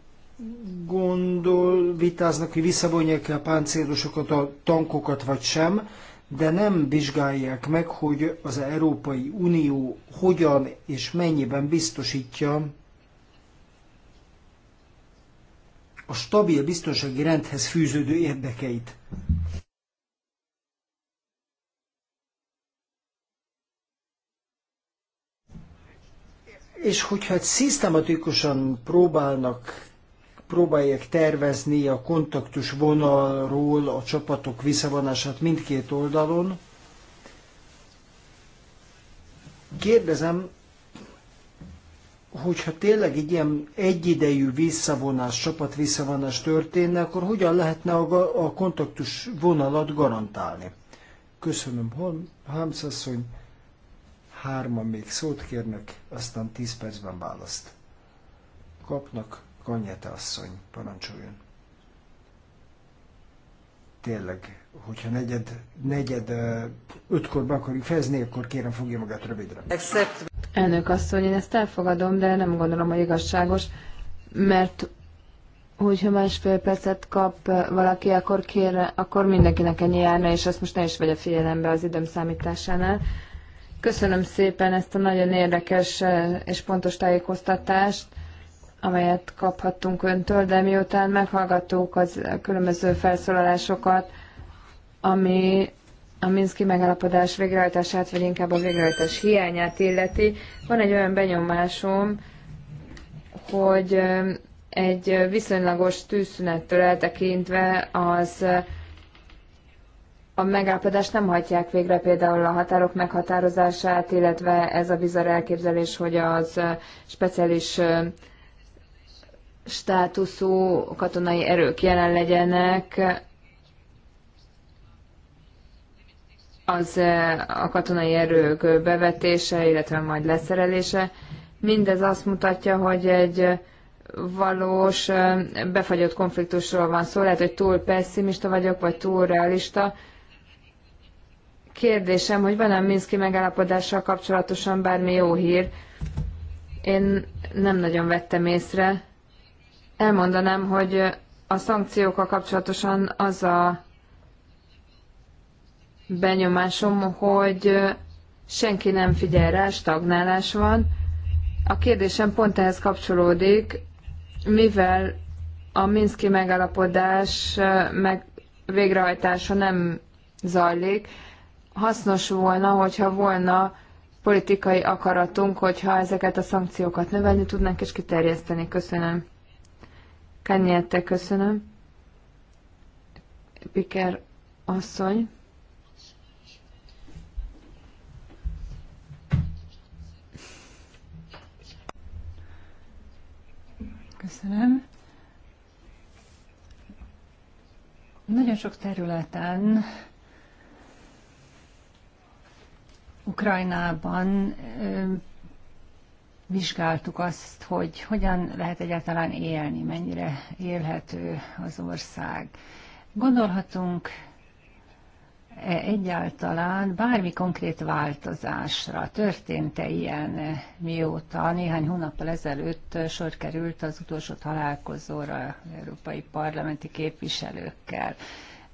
gondol, vitáznak, hogy visszavonják-e a páncélosokat, a tankokat vagy sem, de nem vizsgálják meg, hogy az Európai Unió hogyan és mennyiben biztosítja a stabil biztonsági rendhez fűződő érdekeit. És hogyha szisztematikusan próbálnak próbálják tervezni a kontaktus vonalról a csapatok visszavonását mindkét oldalon. Kérdezem, hogyha tényleg egy ilyen egyidejű visszavonás, csapat visszavonás történne, akkor hogyan lehetne a, a kontaktus vonalat garantálni? Köszönöm, Hámsz asszony. Hárman még szót kérnek, aztán 10 percben választ. Kapnak, Kanyete asszony, parancsoljon. Tényleg hogyha negyed, negyed ötkor be akarjuk fejezni, akkor kérem fogja magát rövidre. Except... Elnök asszony, én ezt elfogadom, de nem gondolom, hogy igazságos, mert hogyha másfél percet kap valaki, akkor, kér, akkor mindenkinek ennyi járna, és ezt most ne is vegye figyelembe az időm számításánál. Köszönöm szépen ezt a nagyon érdekes és pontos tájékoztatást, amelyet kaphattunk öntől, de miután meghallgattuk az különböző felszólalásokat, ami a Minszki megállapodás végrehajtását, vagy inkább a végrehajtás hiányát illeti. Van egy olyan benyomásom, hogy um, egy viszonylagos tűzszünettől eltekintve az uh, a megállapodást nem hagyják végre például a határok meghatározását, illetve ez a bizarr elképzelés, hogy az uh, speciális uh, státuszú katonai erők jelen legyenek az eh, a katonai erők bevetése, illetve majd leszerelése, mindez azt mutatja, hogy egy eh, valós eh, befagyott konfliktusról van szó. Lehet, hogy túl pessimista vagyok, vagy túl realista. Kérdésem, hogy van-e a Minszki megállapodással kapcsolatosan bármi jó hír? Én nem nagyon vettem észre. Elmondanám, hogy a szankciókkal kapcsolatosan az a benyomásom, hogy senki nem figyel rá, stagnálás van. A kérdésem pont ehhez kapcsolódik, mivel a Minszki megalapodás meg végrehajtása nem zajlik, hasznos volna, hogyha volna politikai akaratunk, hogyha ezeket a szankciókat növelni tudnánk és kiterjeszteni. Köszönöm. Kenyette, köszönöm. Piker asszony. Köszönöm. Nagyon sok területen Ukrajnában vizsgáltuk azt, hogy hogyan lehet egyáltalán élni, mennyire élhető az ország. Gondolhatunk egyáltalán bármi konkrét változásra történt-e ilyen, mióta néhány hónappal ezelőtt sor került az utolsó találkozóra európai parlamenti képviselőkkel.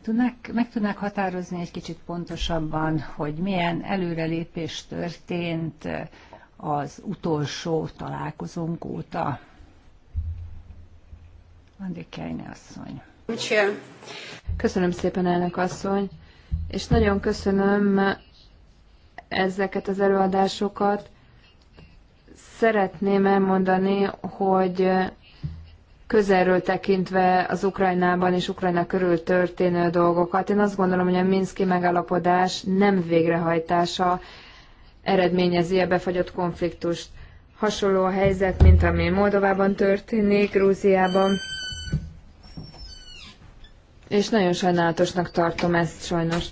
Tudnák, meg tudnák határozni egy kicsit pontosabban, hogy milyen előrelépés történt az utolsó találkozónk óta? Andi Kejne asszony. Köszönöm szépen, elnök asszony és nagyon köszönöm ezeket az előadásokat. Szeretném elmondani, hogy közelről tekintve az Ukrajnában és Ukrajna körül történő dolgokat. Én azt gondolom, hogy a Minszki megállapodás nem végrehajtása eredményezi a befagyott konfliktust. Hasonló a helyzet, mint ami Moldovában történik, Grúziában. És nagyon sajnálatosnak tartom ezt sajnos.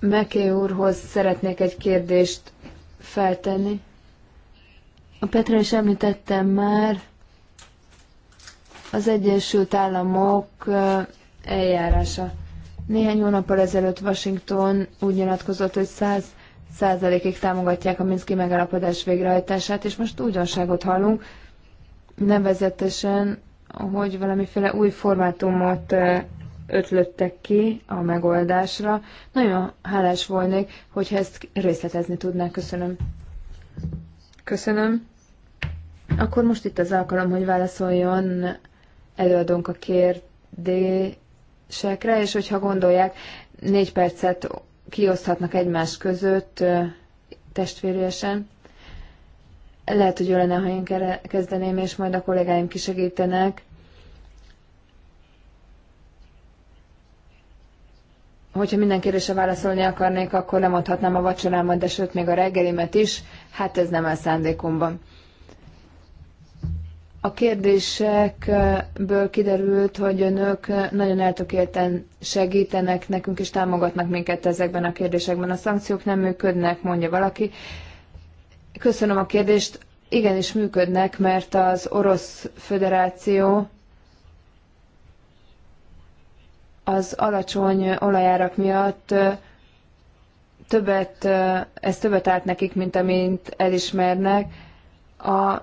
Meké úrhoz szeretnék egy kérdést feltenni. A Petra is említettem már, az Egyesült Államok eljárása. Néhány hónappal ezelőtt Washington úgy nyilatkozott, hogy 100 százalékig támogatják a Minszki megállapodás végrehajtását, és most újdonságot hallunk, nevezetesen, hogy valamiféle új formátumot ötlöttek ki a megoldásra. Nagyon hálás volnék, hogyha ezt részletezni tudnák. Köszönöm. Köszönöm. Akkor most itt az alkalom, hogy válaszoljon előadónk a kérdésekre, és hogyha gondolják, négy percet kioszthatnak egymás között testvérjesen. Lehet, hogy jó lenne, ha én kezdeném, és majd a kollégáim kisegítenek. hogyha minden kérdésre válaszolni akarnék, akkor lemondhatnám a vacsorámat, de sőt, még a reggelimet is. Hát ez nem a szándékomban. A kérdésekből kiderült, hogy önök nagyon eltökélten segítenek nekünk és támogatnak minket ezekben a kérdésekben. A szankciók nem működnek, mondja valaki. Köszönöm a kérdést. Igenis működnek, mert az Orosz Föderáció az alacsony olajárak miatt többet, ez többet állt nekik, mint amint elismernek. A,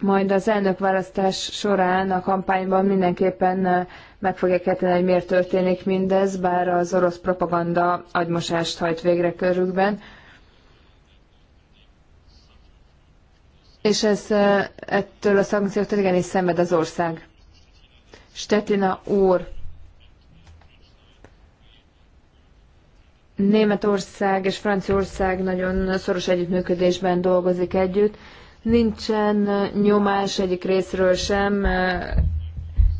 majd az elnökválasztás során a kampányban mindenképpen meg fogja kérteni, hogy miért történik mindez, bár az orosz propaganda agymosást hajt végre körükben. És ez, ettől a szankciótól igenis szenved az ország. Stetina úr. Németország és Franciaország nagyon szoros együttműködésben dolgozik együtt. Nincsen nyomás egyik részről sem,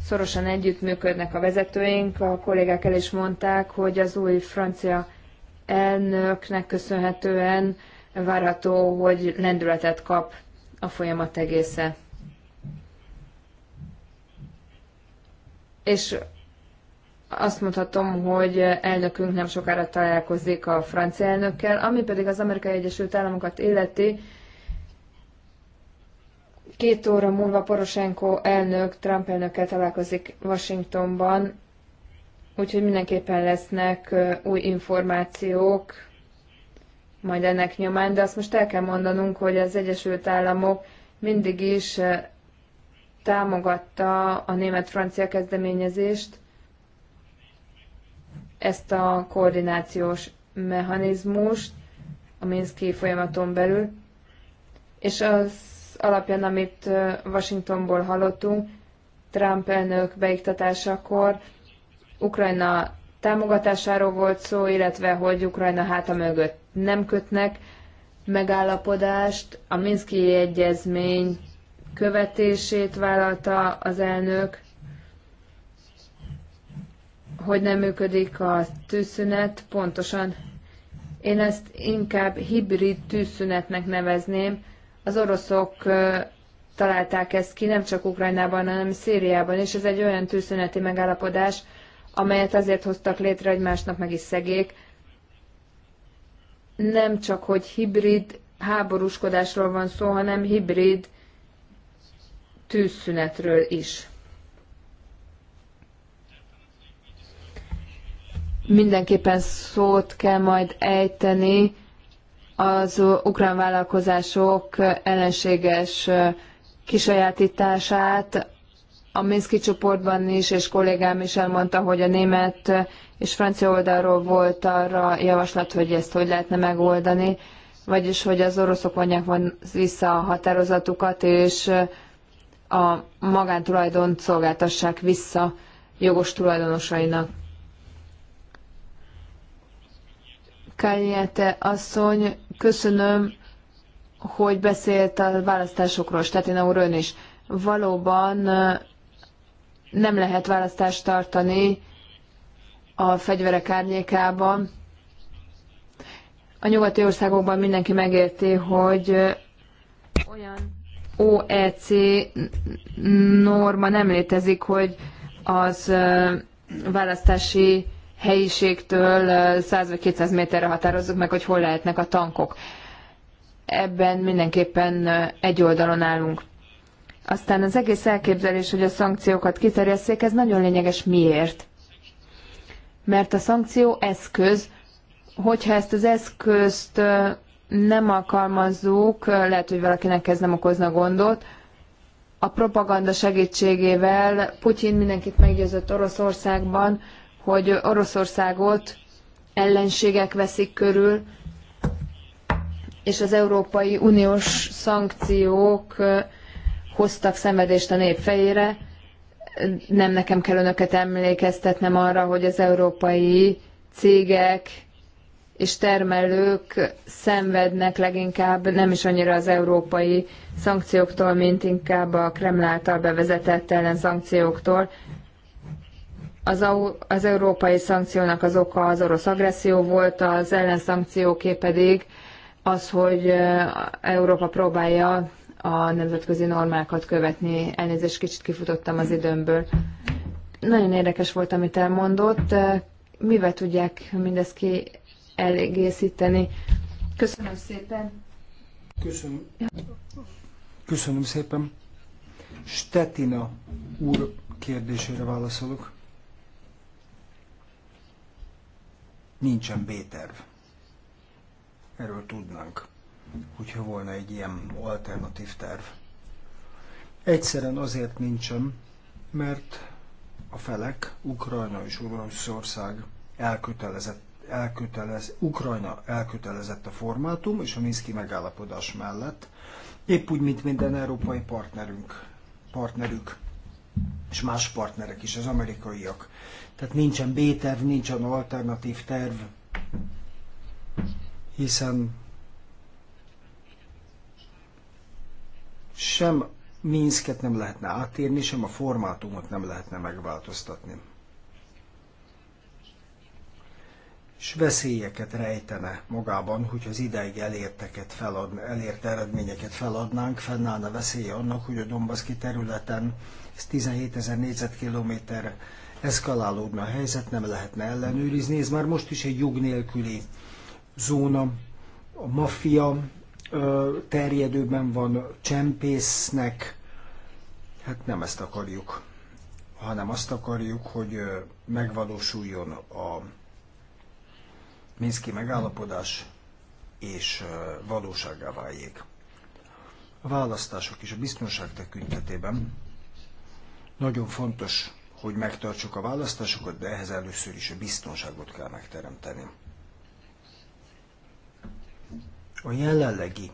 szorosan együttműködnek a vezetőink. A kollégák el is mondták, hogy az új francia elnöknek köszönhetően várható, hogy lendületet kap a folyamat egészen. és azt mondhatom, hogy elnökünk nem sokára találkozik a francia elnökkel, ami pedig az Amerikai Egyesült Államokat illeti, két óra múlva Poroshenko elnök Trump elnökkel találkozik Washingtonban, úgyhogy mindenképpen lesznek új információk, majd ennek nyomán, de azt most el kell mondanunk, hogy az Egyesült Államok mindig is támogatta a német-francia kezdeményezést, ezt a koordinációs mechanizmust a Minszki folyamaton belül, és az alapján, amit Washingtonból hallottunk, Trump elnök beiktatásakor Ukrajna támogatásáról volt szó, illetve hogy Ukrajna háta mögött nem kötnek megállapodást. A Minszki egyezmény követését vállalta az elnök, hogy nem működik a tűzszünet, pontosan én ezt inkább hibrid tűzszünetnek nevezném. Az oroszok találták ezt ki nem csak Ukrajnában, hanem Szíriában, és ez egy olyan tűzszüneti megállapodás, amelyet azért hoztak létre, hogy másnak meg is szegék. Nem csak, hogy hibrid háborúskodásról van szó, hanem hibrid tűzszünetről is. Mindenképpen szót kell majd ejteni az ukrán vállalkozások ellenséges kisajátítását. A Minszki csoportban is, és kollégám is elmondta, hogy a német és francia oldalról volt arra javaslat, hogy ezt hogy lehetne megoldani, vagyis hogy az oroszok vonják vissza a határozatukat, és a magántulajdont szolgáltassák vissza jogos tulajdonosainak. Kányete asszony, köszönöm, hogy beszélt a választásokról, Stetina úr ön is. Valóban nem lehet választást tartani a fegyverek árnyékában. A nyugati országokban mindenki megérti, hogy olyan OEC norma nem létezik, hogy az választási helyiségtől 100 vagy 200 méterre határozzuk meg, hogy hol lehetnek a tankok. Ebben mindenképpen egy oldalon állunk. Aztán az egész elképzelés, hogy a szankciókat kiterjesszék, ez nagyon lényeges. Miért? Mert a szankció eszköz, hogyha ezt az eszközt nem alkalmazzuk, lehet, hogy valakinek ez nem okozna gondot, a propaganda segítségével Putyin mindenkit meggyőzött Oroszországban, hogy Oroszországot ellenségek veszik körül, és az Európai Uniós szankciók hoztak szenvedést a nép fejére. Nem nekem kell önöket emlékeztetnem arra, hogy az európai cégek és termelők szenvednek leginkább nem is annyira az európai szankcióktól, mint inkább a Kreml által bevezetett ellen szankcióktól. Az, az európai szankciónak az oka az orosz agresszió volt, az ellenszankcióké pedig az, hogy Európa próbálja a nemzetközi normákat követni. Elnézést, kicsit kifutottam az időmből. Nagyon érdekes volt, amit elmondott. Mivel tudják mindezt ki elégészíteni. Köszönöm szépen. Köszönöm. Köszönöm szépen. Stetina úr kérdésére válaszolok. Nincsen B-terv. Erről tudnánk, hogyha volna egy ilyen alternatív terv. Egyszerűen azért nincsen, mert a felek, Ukrajna és Oroszország elkötelezett elkötelez, Ukrajna elkötelezett a formátum és a Minszki megállapodás mellett, épp úgy, mint minden európai partnerünk, partnerük és más partnerek is, az amerikaiak. Tehát nincsen B-terv, nincsen alternatív terv, hiszen sem Minsket nem lehetne átérni, sem a formátumot nem lehetne megváltoztatni. és veszélyeket rejtene magában, hogy az ideig elérteket felad, elért eredményeket feladnánk, fennállna veszélye annak, hogy a Dombaszki területen ez 17 ezer négyzetkilométer eszkalálódna a helyzet, nem lehetne ellenőrizni. Ez már most is egy jog nélküli zóna. A maffia terjedőben van csempésznek, hát nem ezt akarjuk, hanem azt akarjuk, hogy megvalósuljon a Minszki megállapodás és valóságá váljék. A választások is a biztonság tekintetében nagyon fontos, hogy megtartsuk a választásokat, de ehhez először is a biztonságot kell megteremteni. A jelenlegi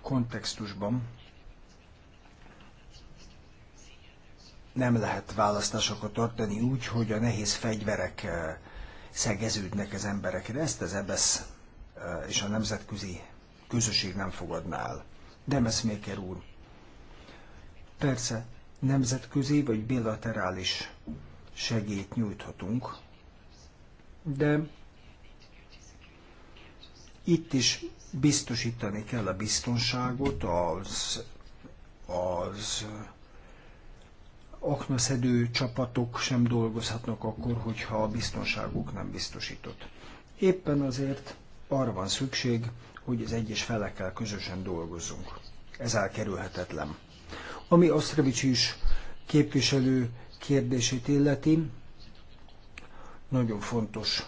kontextusban nem lehet választásokat tartani úgy, hogy a nehéz fegyverek szegeződnek az emberekre. Ezt az EBESZ és a nemzetközi közösség nem fogadná el. Demes Maker úr. Persze, nemzetközi vagy bilaterális segélyt nyújthatunk, de itt is biztosítani kell a biztonságot, az, az aknaszedő csapatok sem dolgozhatnak akkor, hogyha a biztonságuk nem biztosított. Éppen azért arra van szükség, hogy az egyes felekkel közösen dolgozzunk. Ez elkerülhetetlen. Ami Asztrevics is képviselő kérdését illeti, nagyon fontos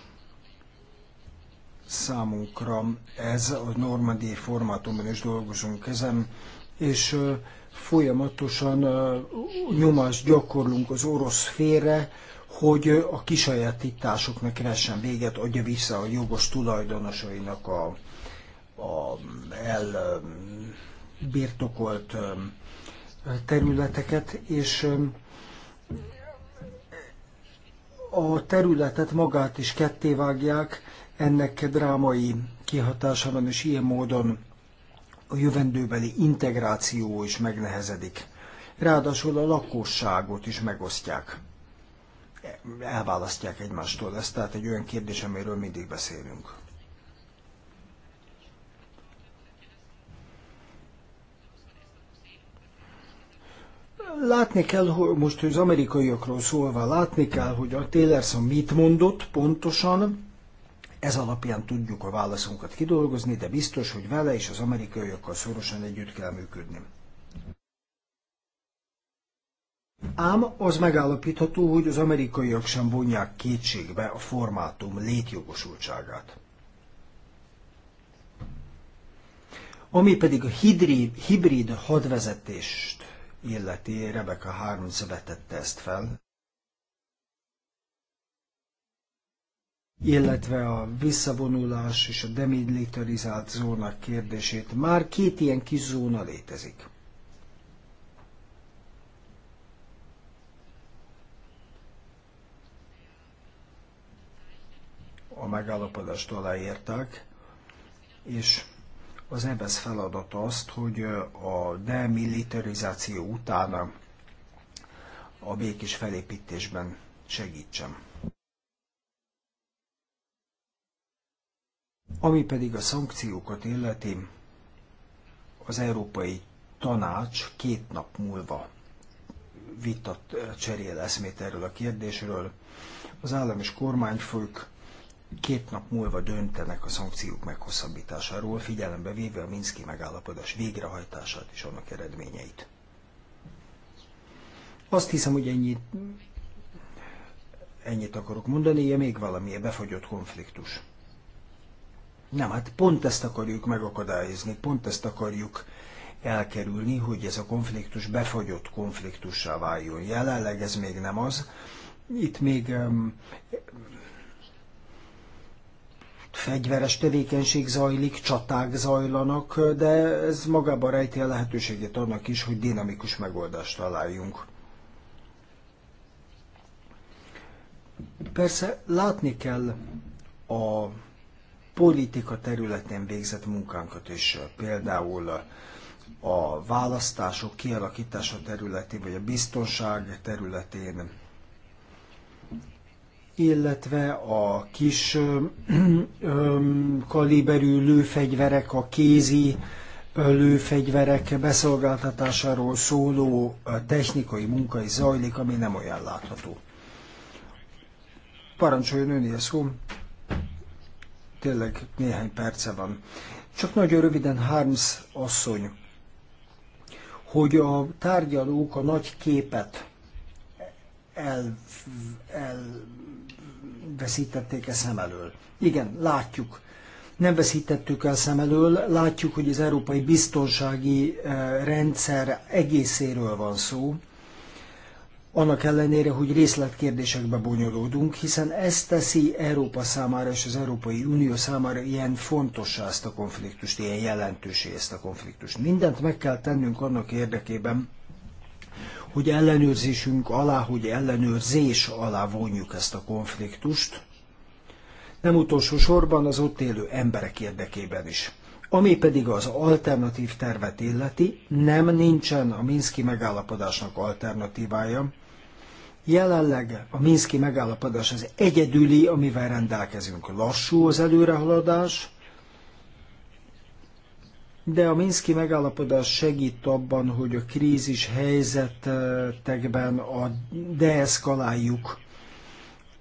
számunkra ez, a normandi formátumban is dolgozunk ezen, és folyamatosan nyomást gyakorlunk az orosz félre, hogy a kisajátításoknak vessen véget, adja vissza a jogos tulajdonosainak a, a el birtokolt területeket, és a területet magát is kettévágják, ennek drámai kihatása van, és ilyen módon a jövendőbeli integráció is megnehezedik. Ráadásul a lakosságot is megosztják. Elválasztják egymástól. ezt tehát egy olyan kérdés, amiről mindig beszélünk. látni kell, hogy most az amerikaiakról szólva, látni kell, hogy a Tillerson mit mondott pontosan, ez alapján tudjuk a válaszunkat kidolgozni, de biztos, hogy vele és az amerikaiakkal szorosan együtt kell működni. Ám az megállapítható, hogy az amerikaiak sem vonják kétségbe a formátum létjogosultságát. Ami pedig a hidrid, hibrid hadvezetést illeti, Rebecca Harms vetette ezt fel, illetve a visszavonulás és a demilitarizált zónak kérdését. Már két ilyen kis zóna létezik. A megállapodást aláírták, és az EBSZ e feladat azt, hogy a demilitarizáció után a békés felépítésben segítsem. Ami pedig a szankciókat illeti, az Európai Tanács két nap múlva vitat eh, cserél eszmét erről a kérdésről. Az állam és kormányfők két nap múlva döntenek a szankciók meghosszabbításáról, figyelembe véve a Minszki megállapodás végrehajtását és annak eredményeit. Azt hiszem, hogy ennyit, ennyit akarok mondani, ja, még valami befagyott konfliktus. Nem, hát pont ezt akarjuk megakadályozni, pont ezt akarjuk elkerülni, hogy ez a konfliktus befagyott konfliktussá váljon. Jelenleg ez még nem az. Itt még um, fegyveres tevékenység zajlik, csaták zajlanak, de ez magában rejti a lehetőséget annak is, hogy dinamikus megoldást találjunk. Persze látni kell a politika területén végzett munkánkat is, például a választások kialakítása területén, vagy a biztonság területén, illetve a kis ö, ö, kaliberű lőfegyverek, a kézi lőfegyverek beszolgáltatásáról szóló technikai munkai zajlik, ami nem olyan látható. Parancsoljon ön szó tényleg néhány perce van. Csak nagyon röviden Harms asszony, hogy a tárgyalók a nagy képet el, elveszítették-e szem elől. Igen, látjuk. Nem veszítettük el szem elől, látjuk, hogy az európai biztonsági eh, rendszer egészéről van szó, annak ellenére, hogy részletkérdésekbe bonyolódunk, hiszen ez teszi Európa számára és az Európai Unió számára ilyen fontossá ezt a konfliktust, ilyen jelentősé ezt a konfliktust. Mindent meg kell tennünk annak érdekében, hogy ellenőrzésünk alá, hogy ellenőrzés alá vonjuk ezt a konfliktust, nem utolsó sorban az ott élő emberek érdekében is. Ami pedig az alternatív tervet illeti, nem nincsen a Minszki megállapodásnak alternatívája, Jelenleg a Minszki megállapodás az egyedüli, amivel rendelkezünk. Lassú az előrehaladás, de a Minszki megállapodás segít abban, hogy a krízis helyzetekben a deeszkaláljuk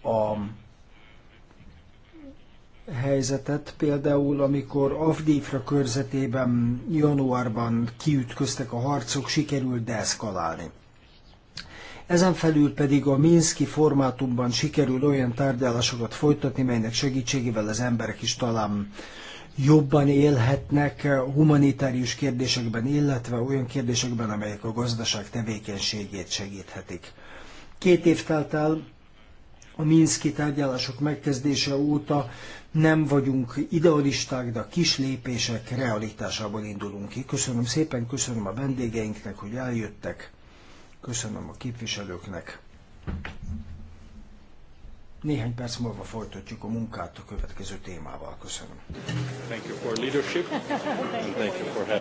a helyzetet, például amikor Avdífra körzetében januárban kiütköztek a harcok, sikerült deeszkalálni. Ezen felül pedig a Minszki formátumban sikerül olyan tárgyalásokat folytatni, melynek segítségével az emberek is talán jobban élhetnek eh, humanitárius kérdésekben, illetve olyan kérdésekben, amelyek a gazdaság tevékenységét segíthetik. Két év telt el a Minszki tárgyalások megkezdése óta, nem vagyunk idealisták, de a kis lépések realitásából indulunk ki. Köszönöm szépen, köszönöm a vendégeinknek, hogy eljöttek. Köszönöm a képviselőknek. Néhány perc múlva folytatjuk a munkát a következő témával. Köszönöm. Thank you for leadership. Thank you for